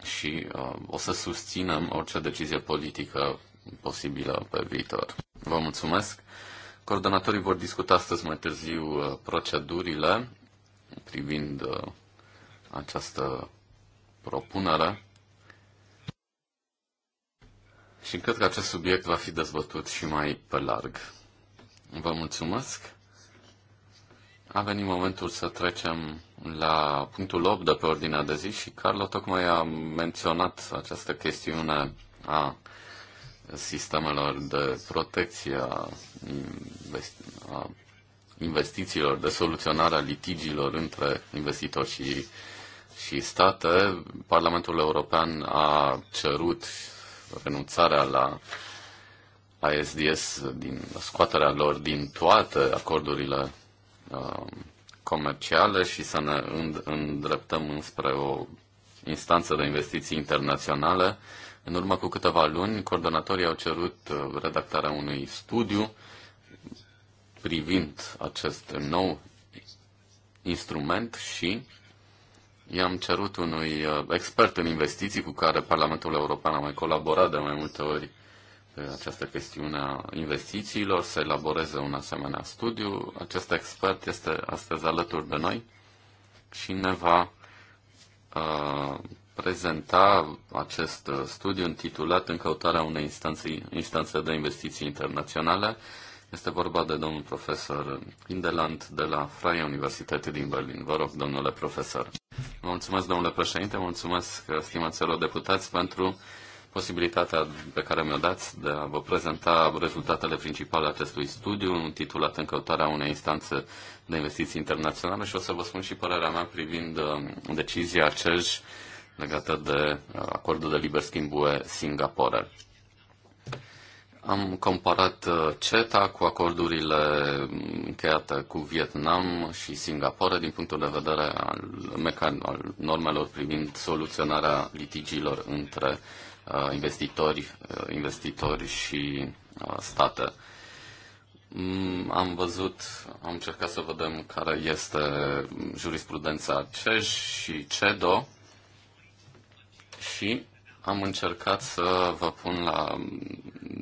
și uh, o să susținem orice decizie politică posibilă pe viitor. Vă mulțumesc. Coordonatorii vor discuta astăzi mai târziu procedurile privind uh, această propunere. Și cred că acest subiect va fi dezbătut și mai pe larg. Vă mulțumesc. A venit momentul să trecem la punctul 8 de pe ordinea de zi și Carlo tocmai a menționat această chestiune a sistemelor de protecție a, investițiilor, de soluționarea litigiilor între investitori și, și state. Parlamentul European a cerut renunțarea la uh, ISDS, din scoaterea lor din toate acordurile uh, comerciale și să ne îndreptăm înspre o instanță de investiții internaționale. În urmă cu câteva luni, coordonatorii au cerut uh, redactarea unui studiu privind acest nou instrument și i-am cerut unui uh, expert în investiții cu care Parlamentul European a mai colaborat de mai multe ori această chestiune a investițiilor, să elaboreze un asemenea studiu. Acest expert este astăzi alături de noi și ne va uh, prezenta acest studiu intitulat În căutarea unei instanțe, instanțe de investiții internaționale. Este vorba de domnul profesor Indeland de la Freie Universitate din Berlin. Vă rog, domnule profesor. Vă mulțumesc, domnule președinte, mulțumesc, stimațelor deputați, pentru posibilitatea pe care mi-o dați de a vă prezenta rezultatele principale acestui studiu, titulat în căutarea unei instanțe de investiții internaționale și o să vă spun și părerea mea privind uh, decizia CEJ legată de uh, acordul de liber schimb UE-Singapore. Am comparat uh, CETA cu acordurile încheiate cu Vietnam și Singapore din punctul de vedere al, mecan- al normelor privind soluționarea litigiilor între Uh, investitori, uh, investitori și uh, stată. Mm, am văzut, am încercat să vedem care este jurisprudența CEJ și CEDO și am încercat să vă pun la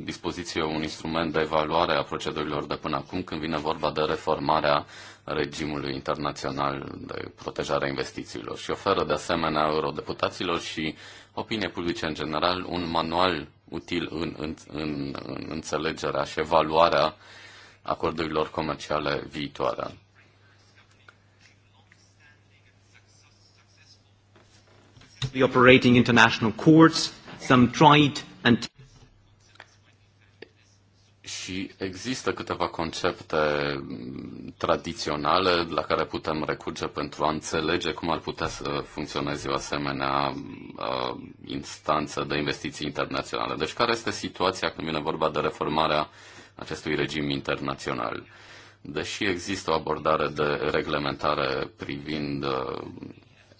dispoziție un instrument de evaluare a procedurilor de până acum când vine vorba de reformarea regimului internațional de protejare a investițiilor și oferă de asemenea eurodeputaților și opinie publică în general un manual util în, în, în, în înțelegerea și evaluarea acordurilor comerciale viitoare. The operating international courts, some tried and și există câteva concepte tradiționale la care putem recurge pentru a înțelege cum ar putea să funcționeze o asemenea uh, instanță de investiții internaționale. Deci care este situația când vine vorba de reformarea acestui regim internațional? Deși există o abordare de reglementare privind uh,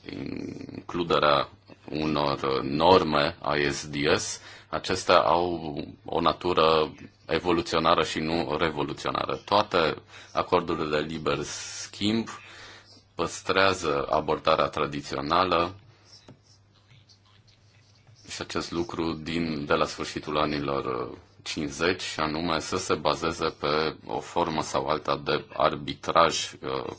includerea unor norme ISDS, acestea au o natură evoluționară și nu revoluționară. Toate acordurile de liber schimb păstrează abordarea tradițională și acest lucru din, de la sfârșitul anilor 50, uh, și anume să se bazeze pe o formă sau alta de arbitraj uh,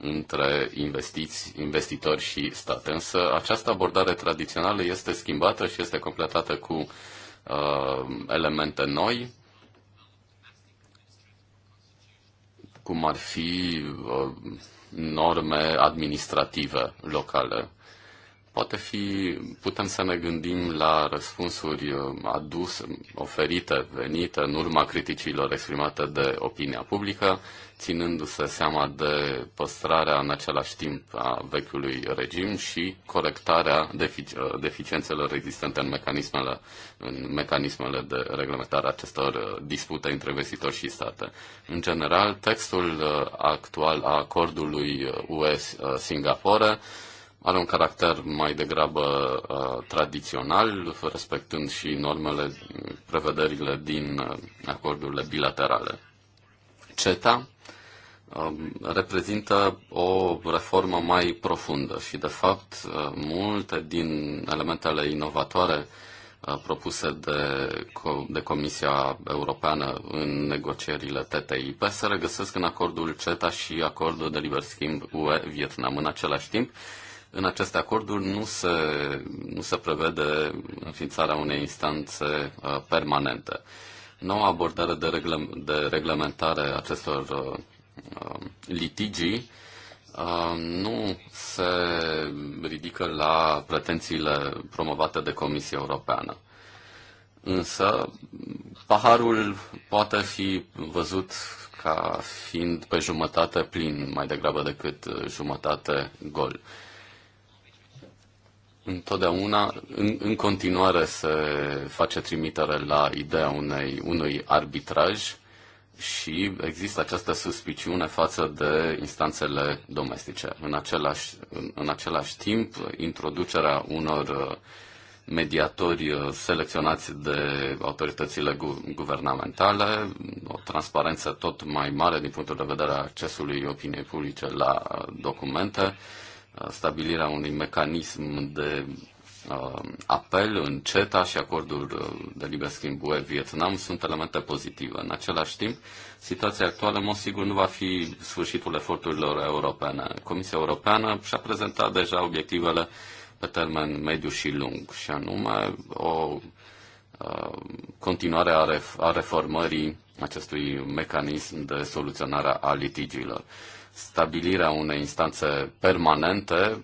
între investiți, investitori și stat. Însă această abordare tradițională este schimbată și este completată cu uh, elemente noi, cum ar fi uh, norme administrative locale. Poate fi, putem să ne gândim la răspunsuri uh, aduse, oferite, venite în urma criticilor exprimate de opinia publică, ținându-se seama de păstrarea în același timp a vechiului regim și corectarea defic- deficiențelor existente în mecanismele, în mecanismele de reglementare a acestor uh, dispute între vestitori și state. În general, textul uh, actual a acordului U.S. Uh, singapore are un caracter mai degrabă uh, tradițional, respectând și normele, prevederile din acordurile bilaterale. CETA Um, reprezintă o reformă mai profundă și, de fapt, uh, multe din elementele inovatoare uh, propuse de, de Comisia Europeană în negocierile TTIP se regăsesc în acordul CETA și acordul de liber schimb UE-Vietnam. În același timp, în aceste acorduri nu se, nu se prevede înființarea unei instanțe uh, permanente. Noua abordare de, regle, de reglementare acestor Um, litigii um, nu se ridică la pretențiile promovate de Comisia Europeană. Însă, paharul poate fi văzut ca fiind pe jumătate plin mai degrabă decât uh, jumătate gol. Întotdeauna, în, în continuare, se face trimitere la ideea unei, unui arbitraj și există această suspiciune față de instanțele domestice. În același, în, în același timp, introducerea unor uh, mediatori uh, selecționați de autoritățile gu- guvernamentale, o transparență tot mai mare din punctul de vedere a accesului opiniei publice la documente, uh, stabilirea unui mecanism de Uh, apel în CETA și acordul uh, de liber schimb UE-Vietnam sunt elemente pozitive. În același timp, situația actuală, în mod sigur, nu va fi sfârșitul eforturilor europene. Comisia Europeană și-a prezentat deja obiectivele pe termen mediu și lung, și anume o uh, continuare a reformării acestui mecanism de soluționare a litigiilor stabilirea unei instanțe permanente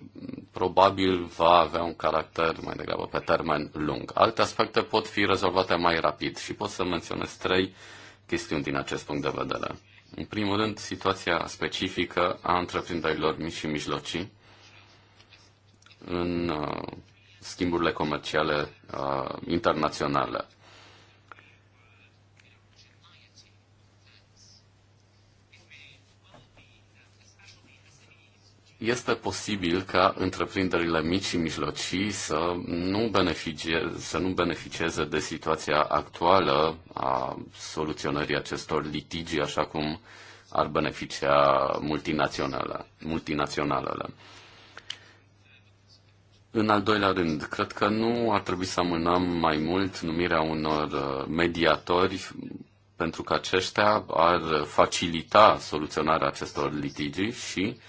probabil va avea un caracter mai degrabă pe termen lung. Alte aspecte pot fi rezolvate mai rapid și pot să menționez trei chestiuni din acest punct de vedere. În primul rând, situația specifică a întreprinderilor mici și mijlocii în uh, schimburile comerciale uh, internaționale. este posibil ca întreprinderile mici și mijlocii să nu, să nu beneficieze de situația actuală a soluționării acestor litigi, așa cum ar beneficia multinaționale, multinaționalele. În al doilea rând, cred că nu ar trebui să amânăm mai mult numirea unor uh, mediatori pentru că aceștia ar facilita soluționarea acestor litigi și uh,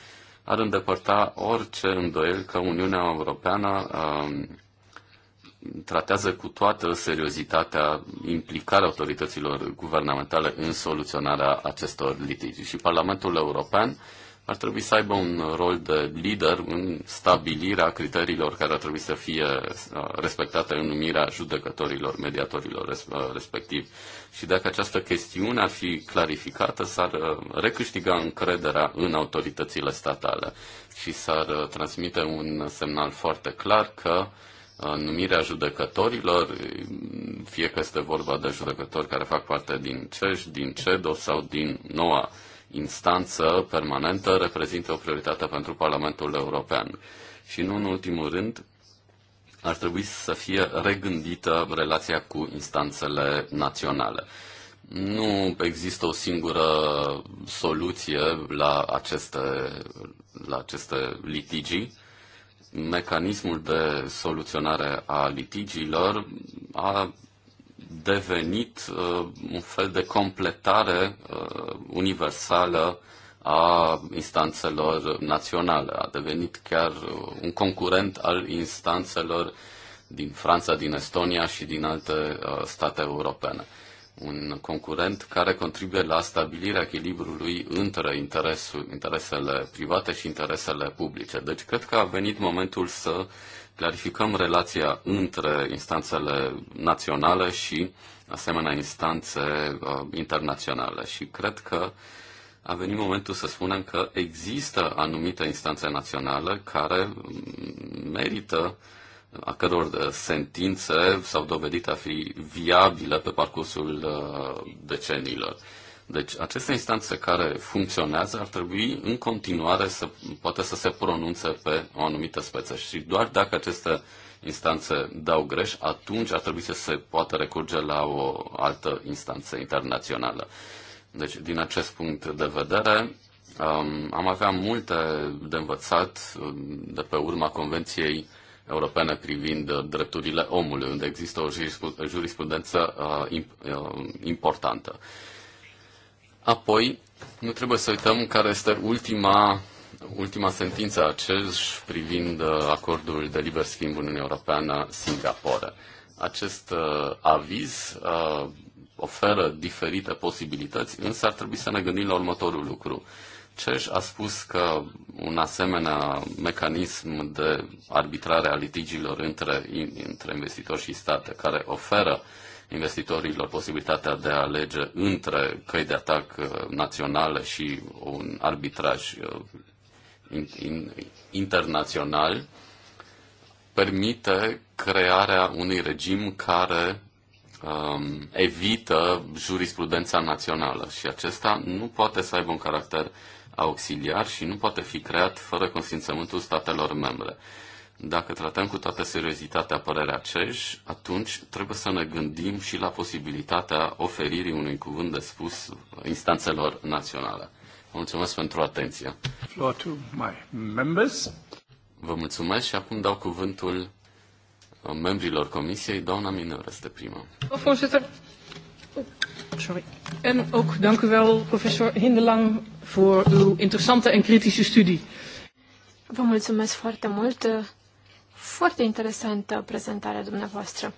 ar îndepărta orice îndoiel că Uniunea Europeană um, tratează cu toată seriozitatea implicarea autorităților guvernamentale în soluționarea acestor litigi. Și Parlamentul European ar trebui să aibă un rol de lider în stabilirea criteriilor care ar trebui să fie uh, respectate în numirea judecătorilor, mediatorilor uh, respectiv. Și dacă această chestiune ar fi clarificată, s-ar uh, recâștiga încrederea în autoritățile statale și s-ar transmite un semnal foarte clar că numirea judecătorilor, fie că este vorba de judecători care fac parte din CEJ, din CEDO sau din noua instanță permanentă reprezintă o prioritate pentru Parlamentul European. Și nu în ultimul rând, ar trebui să fie regândită relația cu instanțele naționale. Nu există o singură soluție la aceste, la aceste litigii. Mecanismul de soluționare a litigiilor a devenit uh, un fel de completare uh, universală a instanțelor naționale. A devenit chiar uh, un concurent al instanțelor din Franța, din Estonia și din alte state europene. Un concurent care contribuie la stabilirea echilibrului între interesul, interesele private și interesele publice. Deci cred că a venit momentul să clarificăm relația între instanțele naționale și asemenea instanțe uh, internaționale. Și cred că a venit momentul să spunem că există anumite instanțe naționale care mm, merită a căror uh, sentințe s-au dovedit a fi viabile pe parcursul uh, deceniilor. Uh, deci aceste instanțe care funcționează ar trebui în continuare să poate să se pronunțe pe o anumită speță și doar dacă aceste instanțe dau greș, atunci ar trebui să se poată recurge la o altă instanță internațională. Deci, din acest punct de vedere, um, am avea multe de învățat um, de pe urma Convenției Europene privind drepturile omului, unde există o jurisprudență uh, uh, importantă. Apoi, nu trebuie să uităm care este ultima, ultima sentință a CEJ privind uh, acordul de liber schimb Uniunea Europeană-Singapore. Acest uh, aviz uh, oferă diferite posibilități, însă ar trebui să ne gândim la următorul lucru. CEJ a spus că un asemenea mecanism de arbitrare a litigiilor între, între investitori și state, care oferă uh, investitorilor posibilitatea de a alege între căi de atac uh, naționale și un arbitraj uh, internațional, permite crearea unui regim care um, evită jurisprudența națională și acesta nu poate să aibă un caracter auxiliar și nu poate fi creat fără consimțământul statelor membre. Dacă tratăm cu toată seriozitatea părerea CEJ, atunci trebuie să ne gândim și la posibilitatea oferirii unui cuvânt de spus instanțelor naționale. Mulțumesc pentru atenție. Floor to my members. Vă mulțumesc și acum dau cuvântul uh, membrilor comisiei. Doamna Minor este prima. Sorry. En ook dank u wel, professor Hindelang, voor uw interessante en kritische studie. Vă mulțumesc foarte mult uh, foarte interesantă prezentarea dumneavoastră.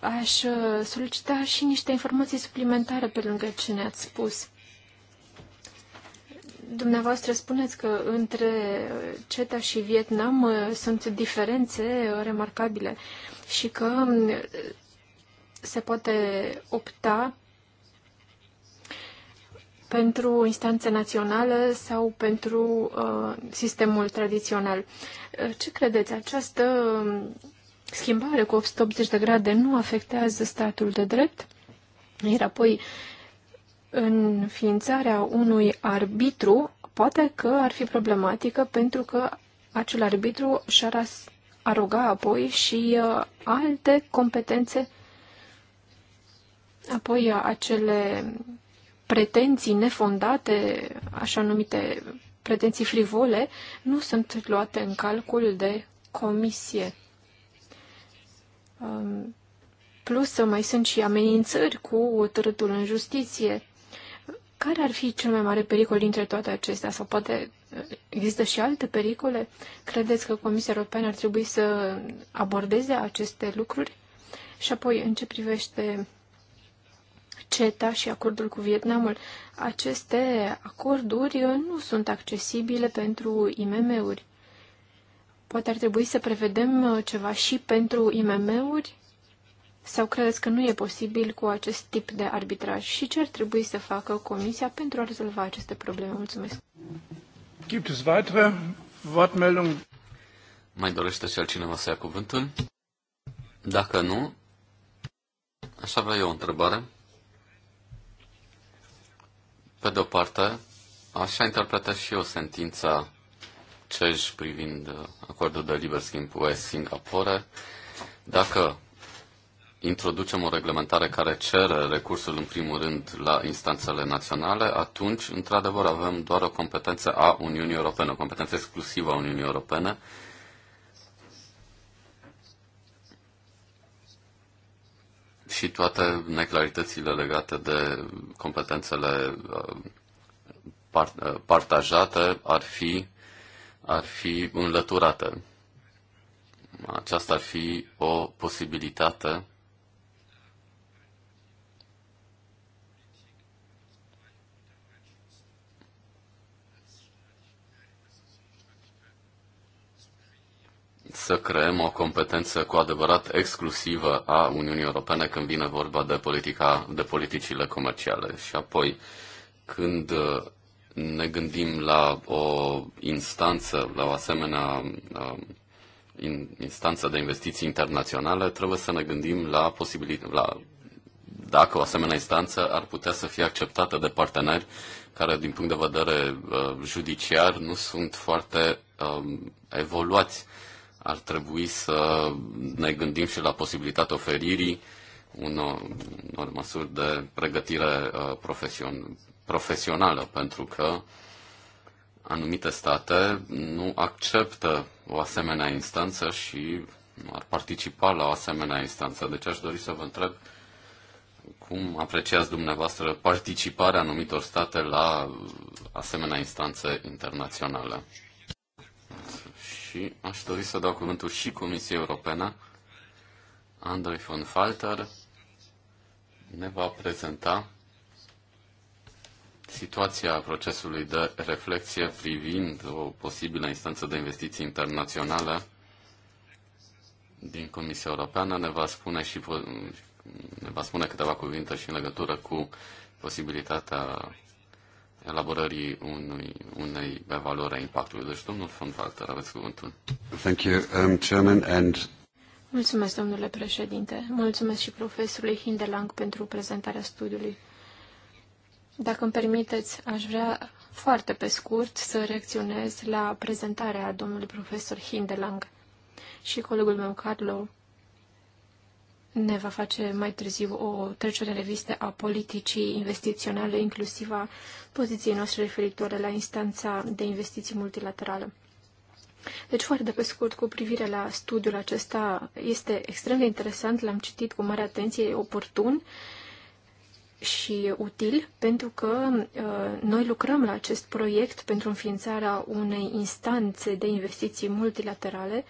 Aș uh, solicita și niște informații suplimentare pe lângă ce ne-ați spus. Dumneavoastră spuneți că între CETA și Vietnam uh, sunt diferențe uh, remarcabile și că se poate opta pentru instanță națională sau pentru uh, sistemul tradițional. Uh, ce credeți? Această um, schimbare cu 180 de grade nu afectează statul de drept? Iar apoi, în ființarea unui arbitru, poate că ar fi problematică pentru că acel arbitru și-ar aroga apoi și uh, alte competențe, apoi uh, acele pretenții nefondate, așa numite pretenții frivole, nu sunt luate în calcul de comisie. Um, plus să mai sunt și amenințări cu otărâtul în justiție. Care ar fi cel mai mare pericol dintre toate acestea? Sau poate uh, există și alte pericole? Credeți că Comisia Europeană ar trebui să abordeze aceste lucruri? Și apoi, în ce privește CETA și acordul cu Vietnamul. Aceste acorduri uh, nu sunt accesibile pentru IMM-uri. Poate ar trebui să prevedem uh, ceva și pentru IMM-uri? Sau credeți că nu e posibil cu acest tip de arbitraj? Și ce ar trebui să facă Comisia pentru a rezolva aceste probleme? Mulțumesc! Gibt es weitere Wortmeldungen? Mai dorește și altcineva să ia cuvântul? Dacă nu, aș avea eu o întrebare. Pe de-o parte, așa interpretez și eu sentința CEJ privind uh, acordul de liber schimb cu singapore Dacă introducem o reglementare care cere recursul în primul rând la instanțele naționale, atunci, într-adevăr, avem doar o competență a Uniunii Europene, o competență exclusivă a Uniunii Europene, și toate neclaritățile legate de competențele uh, uh, partajate ar fi, ar fi înlăturate. Aceasta ar fi o posibilitate să creăm o competență cu adevărat exclusivă a Uniunii Europene când vine vorba de, politica, de politicile comerciale. Și apoi, când uh, ne gândim la o instanță, la o asemenea um, instanță de investiții internaționale, trebuie să ne gândim la posibilitatea, la dacă o asemenea instanță ar putea să fie acceptată de parteneri care, din punct de vedere uh, judiciar, nu sunt foarte uh, evoluați. Uh, ar trebui să ne gândim și la posibilitatea oferirii unor, unor măsuri de pregătire uh, profesion, profesională, pentru că anumite state nu acceptă o asemenea instanță și ar participa la o asemenea instanță. Deci aș dori să vă întreb cum apreciați dumneavoastră participarea anumitor state la asemenea instanțe internaționale și aș dori să dau cuvântul și Comisiei Europene. Andrei von Falter ne va prezenta situația procesului de reflexie privind o posibilă instanță de investiții internaționale din Comisia Europeană. Ne va spune și ne va spune câteva cuvinte și în legătură cu posibilitatea elaborării unui, unei evaluări a impactului. Deci, domnul von Walter, aveți cuvântul. Thank you, um, Chairman, and... Mulțumesc, domnule președinte. Mulțumesc și profesorului Hindelang pentru prezentarea studiului. Dacă îmi permiteți, aș vrea foarte pe scurt să reacționez la prezentarea domnului profesor Hindelang și colegul meu, Carlo, ne va face mai târziu o trecere în revistă a politicii investiționale, inclusiv a poziției noastre referitoare la instanța de investiții multilaterală. Deci, foarte pe scurt, cu privire la studiul acesta, este extrem de interesant, l-am citit cu mare atenție, e oportun. Uh, și util pentru că uh, noi lucrăm la acest proiect pentru înființarea unei instanțe de investiții multilaterale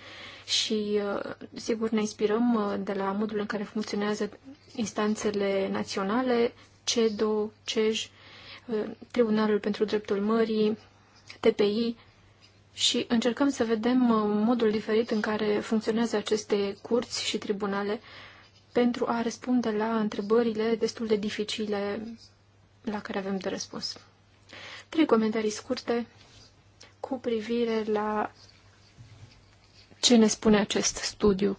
și uh, sigur ne inspirăm uh, de la modul în care funcționează instanțele naționale, CEDO, CEJ, Tribunalul pentru Dreptul Mării, TPI și încercăm să vedem modul diferit în care funcționează aceste curți și tribunale pentru a răspunde la întrebările destul de dificile la care avem de răspuns. Trei comentarii scurte cu privire la ce ne spune acest studiu.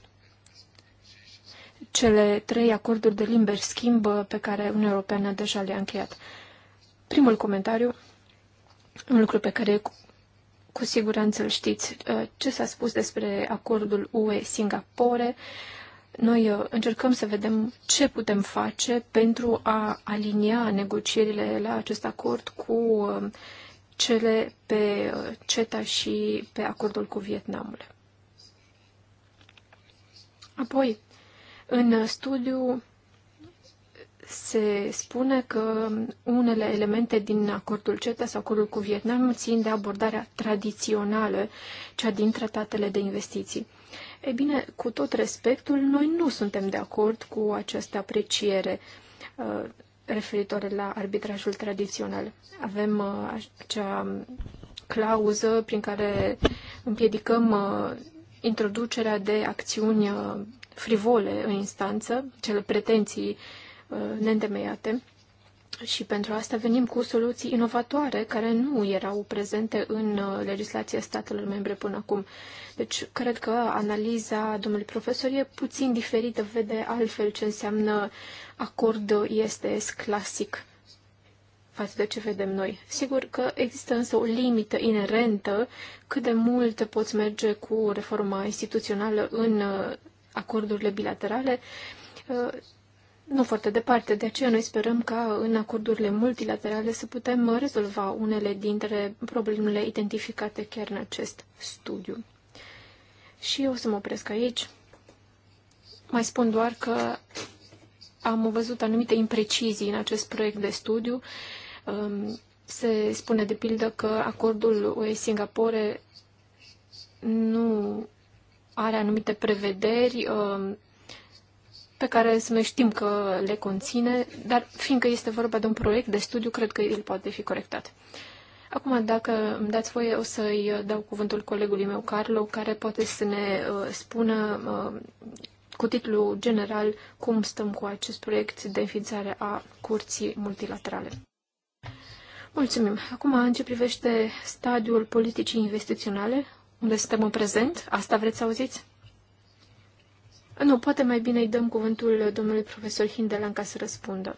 Cele trei acorduri de liber schimb pe care Uniunea Europeană deja le-a încheiat. Primul comentariu, un lucru pe care cu siguranță îl știți, uh, ce s-a spus despre acordul UE-Singapore, noi uh, încercăm să vedem ce putem face pentru a alinia negocierile la acest acord cu uh, cele pe uh, CETA și pe acordul cu Vietnamul. Apoi, în studiu se spune că unele elemente din acordul CETA sau acordul cu Vietnam țin de abordarea tradițională, cea din tratatele de investiții. E bine, cu tot respectul, noi nu suntem de acord cu această apreciere uh, referitoare la arbitrajul tradițional. Avem uh, acea clauză prin care împiedicăm uh, introducerea de acțiuni frivole în instanță, cele pretenții neîntemeiate. Și pentru asta venim cu soluții inovatoare care nu erau prezente în uh, legislația statelor membre până acum. Deci, cred că analiza domnului profesor e puțin diferită, vede altfel ce înseamnă acord ISDS clasic față de ce vedem noi. Sigur că există însă o limită inerentă cât de mult poți merge cu reforma instituțională în uh, acordurile bilaterale uh, nu foarte departe. De aceea noi sperăm ca în acordurile multilaterale să putem rezolva unele dintre problemele identificate chiar în acest studiu. Și eu o să mă opresc aici. Mai spun doar că am văzut anumite imprecizii în acest proiect de studiu. Um, se spune de pildă că acordul UE-Singapore nu are anumite prevederi um, pe care să noi știm că le conține, dar fiindcă este vorba de un proiect de studiu, cred că el poate fi corectat. Acum, dacă îmi dați voie, o să-i dau cuvântul colegului meu, Carlo, care poate să ne uh, spună uh, cu titlu general cum stăm cu acest proiect de înființare a curții multilaterale. Mulțumim. Acum, în ce privește stadiul politicii investiționale, unde suntem în prezent, asta vreți să auziți? Nu, poate mai bine îi dăm cuvântul domnului profesor Hindelan ca să răspundă.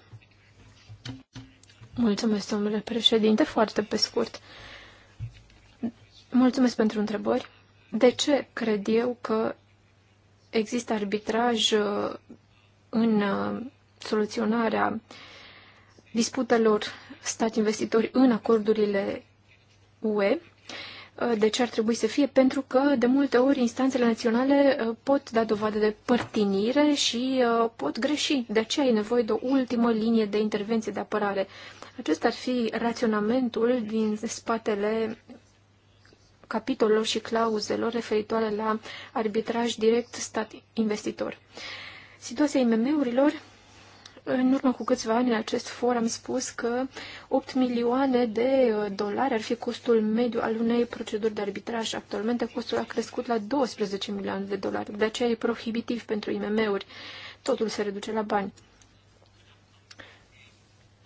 Mulțumesc, domnule președinte, foarte pe scurt. Mulțumesc pentru întrebări. De ce cred eu că există arbitraj uh, în uh, soluționarea disputelor stat investitori în acordurile UE? Uh, de ce ar trebui să fie, pentru că de multe ori instanțele naționale uh, pot da dovadă de părtinire și uh, pot greși. De aceea e nevoie de o ultimă linie de intervenție de apărare. Acesta ar fi raționamentul din spatele capitolelor și clauzelor referitoare la arbitraj direct stat investitor. Situația IMM-urilor în urmă cu câțiva ani în acest for am spus că 8 milioane de uh, dolari ar fi costul mediu al unei proceduri de arbitraj. Actualmente costul a crescut la 12 milioane de dolari, de aceea e prohibitiv pentru IMM-uri. Totul se reduce la bani.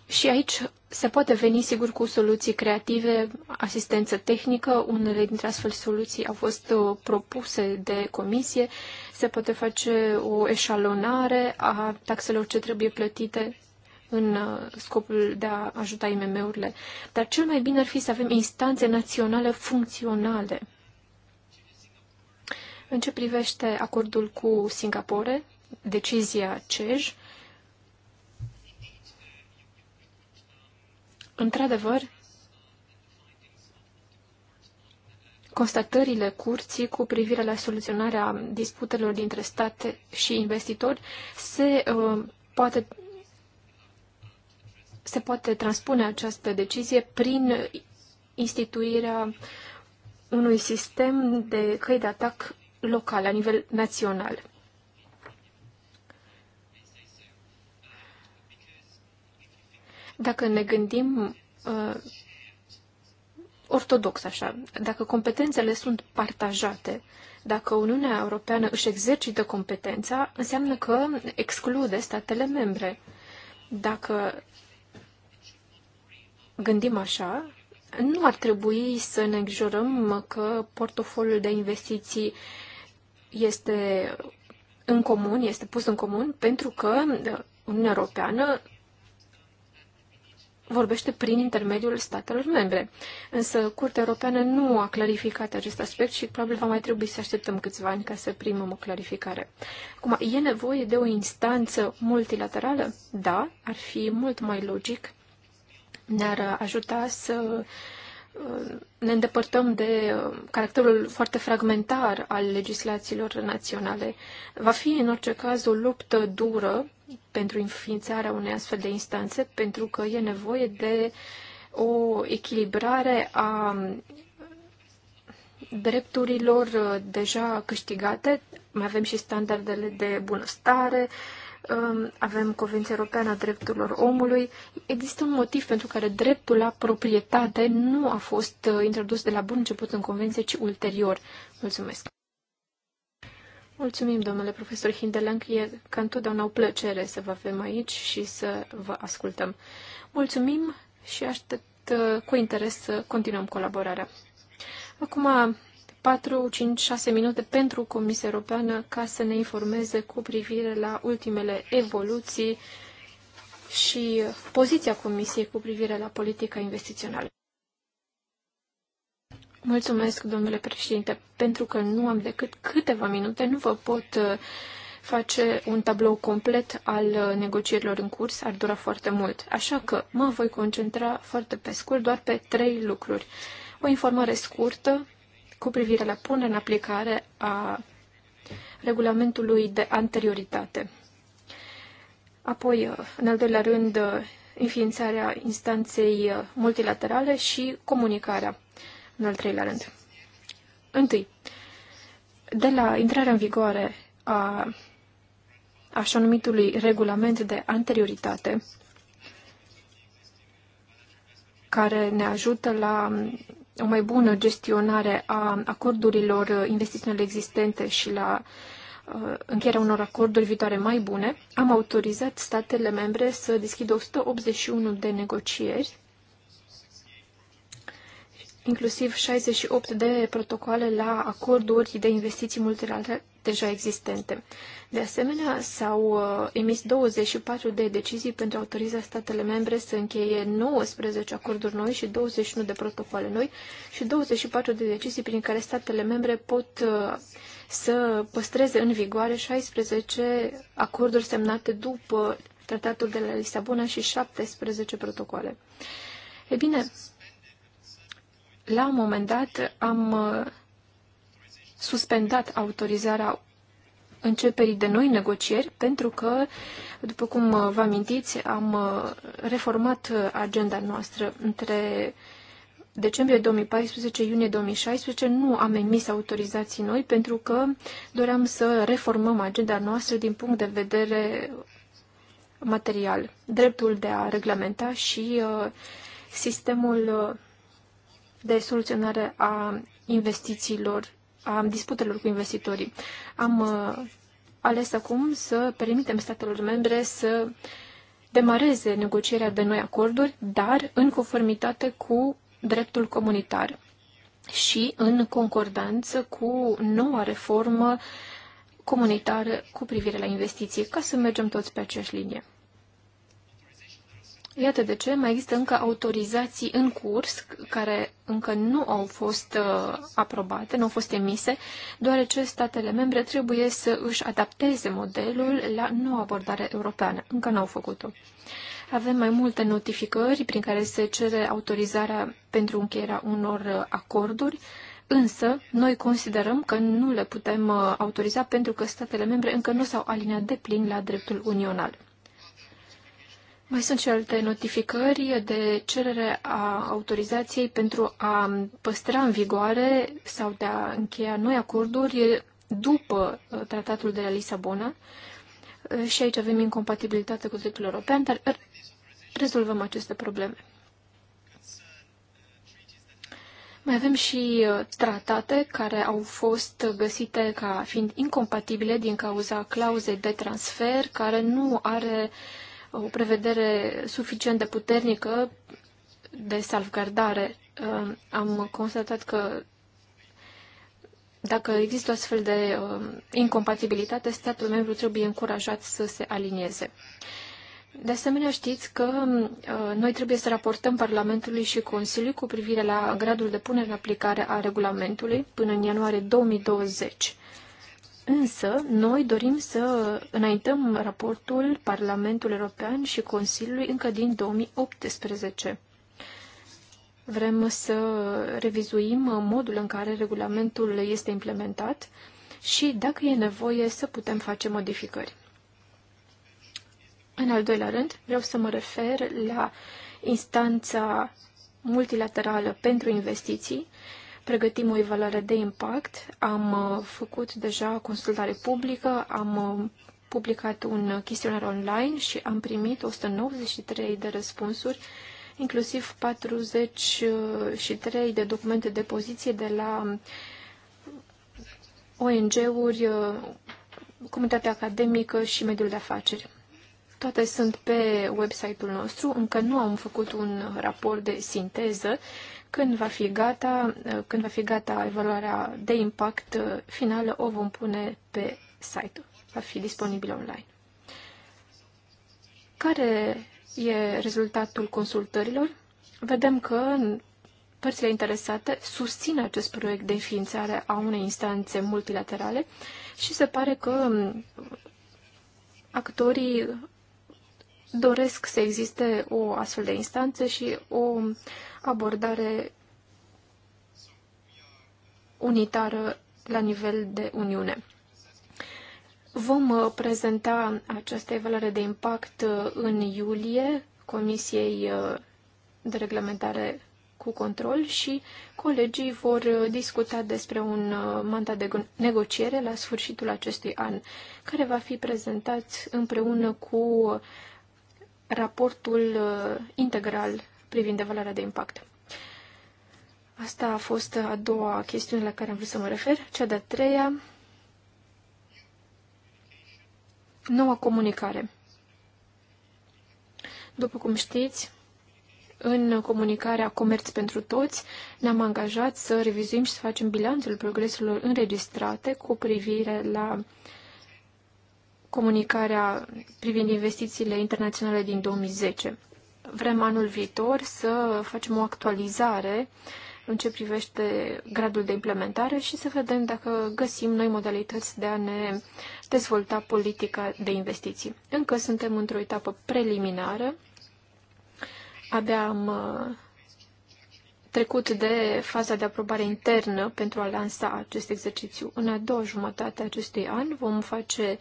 Și aici se poate veni, sigur, cu soluții creative, asistență tehnică. Unele dintre astfel soluții au fost uh, propuse de comisie se poate face o eșalonare a taxelor ce trebuie plătite în uh, scopul de a ajuta IMM-urile. Dar cel mai bine ar fi să avem instanțe naționale funcționale. În ce privește acordul cu Singapore, decizia CEJ, într-adevăr, constatările curții cu privire la soluționarea disputelor dintre state și investitori se uh, poate se poate transpune această decizie prin instituirea unui sistem de căi de atac local, la nivel național. Dacă ne gândim uh, ortodox așa. Dacă competențele sunt partajate, dacă Uniunea Europeană își exercită competența, înseamnă că exclude statele membre. Dacă gândim așa, nu ar trebui să ne jurăm că portofoliul de investiții este în comun, este pus în comun, pentru că Uniunea Europeană vorbește prin intermediul statelor membre. Însă Curtea Europeană nu a clarificat acest aspect și probabil va mai trebui să așteptăm câțiva ani ca să primăm o clarificare. Acum, e nevoie de o instanță multilaterală? Da, ar fi mult mai logic. Ne-ar ajuta să uh, ne îndepărtăm de uh, caracterul foarte fragmentar al legislațiilor naționale. Va fi, în orice caz, o luptă dură pentru înființarea unei astfel de instanțe, pentru că e nevoie de o echilibrare a drepturilor uh, deja câștigate. Mai avem și standardele de bunăstare, uh, avem Convenția Europeană a Drepturilor Omului. Există un motiv pentru care dreptul la proprietate nu a fost uh, introdus de la bun început în Convenție, ci ulterior. Mulțumesc! Mulțumim, domnule profesor Hindelang, e ca întotdeauna o plăcere să vă avem aici și să vă ascultăm. Mulțumim și aștept uh, cu interes să continuăm colaborarea. Acum 4, 5, 6 minute pentru Comisia Europeană ca să ne informeze cu privire la ultimele evoluții și poziția Comisiei cu privire la politica investițională. Mulțumesc, domnule președinte, pentru că nu am decât câteva minute, nu vă pot uh, face un tablou complet al uh, negocierilor în curs, ar dura foarte mult. Așa că mă voi concentra foarte pe scurt doar pe trei lucruri. O informare scurtă cu privire la punerea în aplicare a regulamentului de anterioritate. Apoi, în al doilea rând, înființarea instanței uh, multilaterale și comunicarea, în al treilea rând. Întâi, de la intrarea în vigoare a așa numitului regulament de anterioritate, care ne ajută la o mai bună gestionare a acordurilor uh, investiționale existente și la uh, încheierea unor acorduri viitoare mai bune, am autorizat statele membre să deschidă 181 de negocieri inclusiv 68 de protocoale la acorduri de investiții multilaterale deja existente. De asemenea, s-au uh, emis 24 de decizii pentru a autoriza statele membre să încheie 19 acorduri noi și 21 de protocoale noi și 24 de decizii prin care statele membre pot uh, să păstreze în vigoare 16 acorduri semnate după Tratatul de la Lisabona și 17 protocoale. E bine, la un moment dat am uh, suspendat autorizarea începerii de noi negocieri, pentru că, după cum uh, vă amintiți, am uh, reformat agenda noastră între decembrie 2014, iunie 2016, nu am emis autorizații noi pentru că doream să reformăm agenda noastră din punct de vedere material, dreptul de a reglementa și sistemul de soluționare a investițiilor, a disputelor cu investitorii. Am uh, ales acum să permitem statelor membre să demareze negocierea de noi acorduri, dar în conformitate cu dreptul comunitar și în concordanță cu noua reformă comunitară cu privire la investiții, ca să mergem toți pe aceeași linie. Iată de ce mai există încă autorizații în curs care încă nu au fost uh, aprobate, nu au fost emise, deoarece statele membre trebuie să își adapteze modelul la noua abordare europeană. Încă nu au făcut-o. Avem mai multe notificări prin care se cere autorizarea pentru încheierea unor uh, acorduri, însă noi considerăm că nu le putem uh, autoriza pentru că statele membre încă nu s-au alineat de plin la dreptul unional. Mai sunt și alte notificări de cerere a autorizației pentru a păstra în vigoare sau de a încheia noi acorduri după uh, tratatul de la Lisabona. Uh, și aici avem incompatibilitate cu dreptul european, dar rezolvăm aceste probleme. Mai avem și uh, tratate care au fost găsite ca fiind incompatibile din cauza clauzei de transfer, care nu are uh, o prevedere suficient de puternică de salvgardare. Um, am constatat că dacă există o astfel de um, incompatibilitate, statul membru trebuie încurajat să se alinieze. De asemenea, știți că um, noi trebuie să raportăm Parlamentului și Consiliului cu privire la gradul de punere în aplicare a regulamentului până în ianuarie 2020. Însă, noi dorim să înaintăm raportul Parlamentului European și Consiliului încă din 2018. Vrem să revizuim modul în care regulamentul este implementat și, dacă e nevoie, să putem face modificări. În al doilea rând, vreau să mă refer la instanța multilaterală pentru investiții, pregătim o evaluare de impact, am uh, făcut deja consultare publică, am uh, publicat un chestionar online și am primit 193 de răspunsuri, inclusiv 43 de documente de poziție de la ONG-uri, uh, comunitatea academică și mediul de afaceri. Toate sunt pe website-ul nostru. Încă nu am făcut un raport de sinteză, când va fi gata, când va fi gata evaluarea de impact finală, o vom pune pe site-ul. Va fi disponibil online. Care e rezultatul consultărilor? Vedem că părțile interesate susțin acest proiect de înființare a unei instanțe multilaterale și se pare că actorii doresc să existe o astfel de instanță și o abordare unitară la nivel de Uniune. Vom uh, prezenta această evaluare de impact uh, în iulie Comisiei uh, de Reglementare cu Control și colegii vor discuta despre un mandat de negociere la sfârșitul acestui an, care va fi prezentat împreună cu raportul uh, integral privind evaluarea de impact. Asta a fost a doua chestiune la care am vrut să mă refer. Cea de-a treia, noua comunicare. După cum știți, în comunicarea Comerț pentru Toți ne-am angajat să revizuim și să facem bilanțul progreselor înregistrate cu privire la uh, comunicarea privind investițiile internaționale din 2010. Vrem anul viitor să facem o actualizare în ce privește gradul de implementare și să vedem dacă găsim noi modalități de a ne dezvolta politica de investiții. Încă suntem într-o etapă preliminară. Abia am uh, trecut de faza de aprobare internă pentru a lansa acest exercițiu. În a doua jumătate a acestui an vom face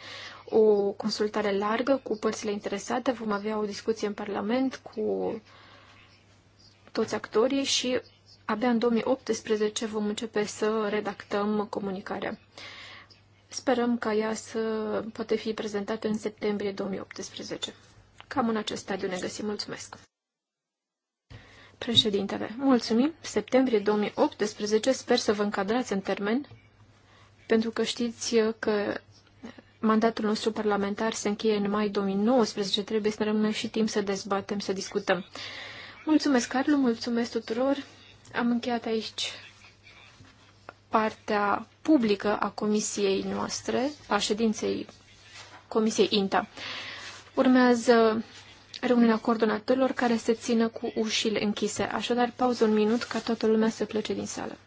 o consultare largă cu părțile interesate, vom avea o discuție în Parlament cu toți actorii și abia în 2018 vom începe să redactăm comunicarea. Sperăm ca ea să poate fi prezentată în septembrie 2018. Cam în acest stadiu ne găsim. Mulțumesc! Președintele, mulțumim! Septembrie 2018, sper să vă încadrați în termen, pentru că știți că mandatul nostru parlamentar se încheie în mai 2019, trebuie să rămână și timp să dezbatem, să discutăm. Mulțumesc, Carlu, mulțumesc tuturor. Am încheiat aici partea publică a comisiei noastre, a ședinței comisiei INTA. Urmează reuniunea coordonatorilor care se țină cu ușile închise. Așadar, pauză un minut ca toată lumea să plece din sală.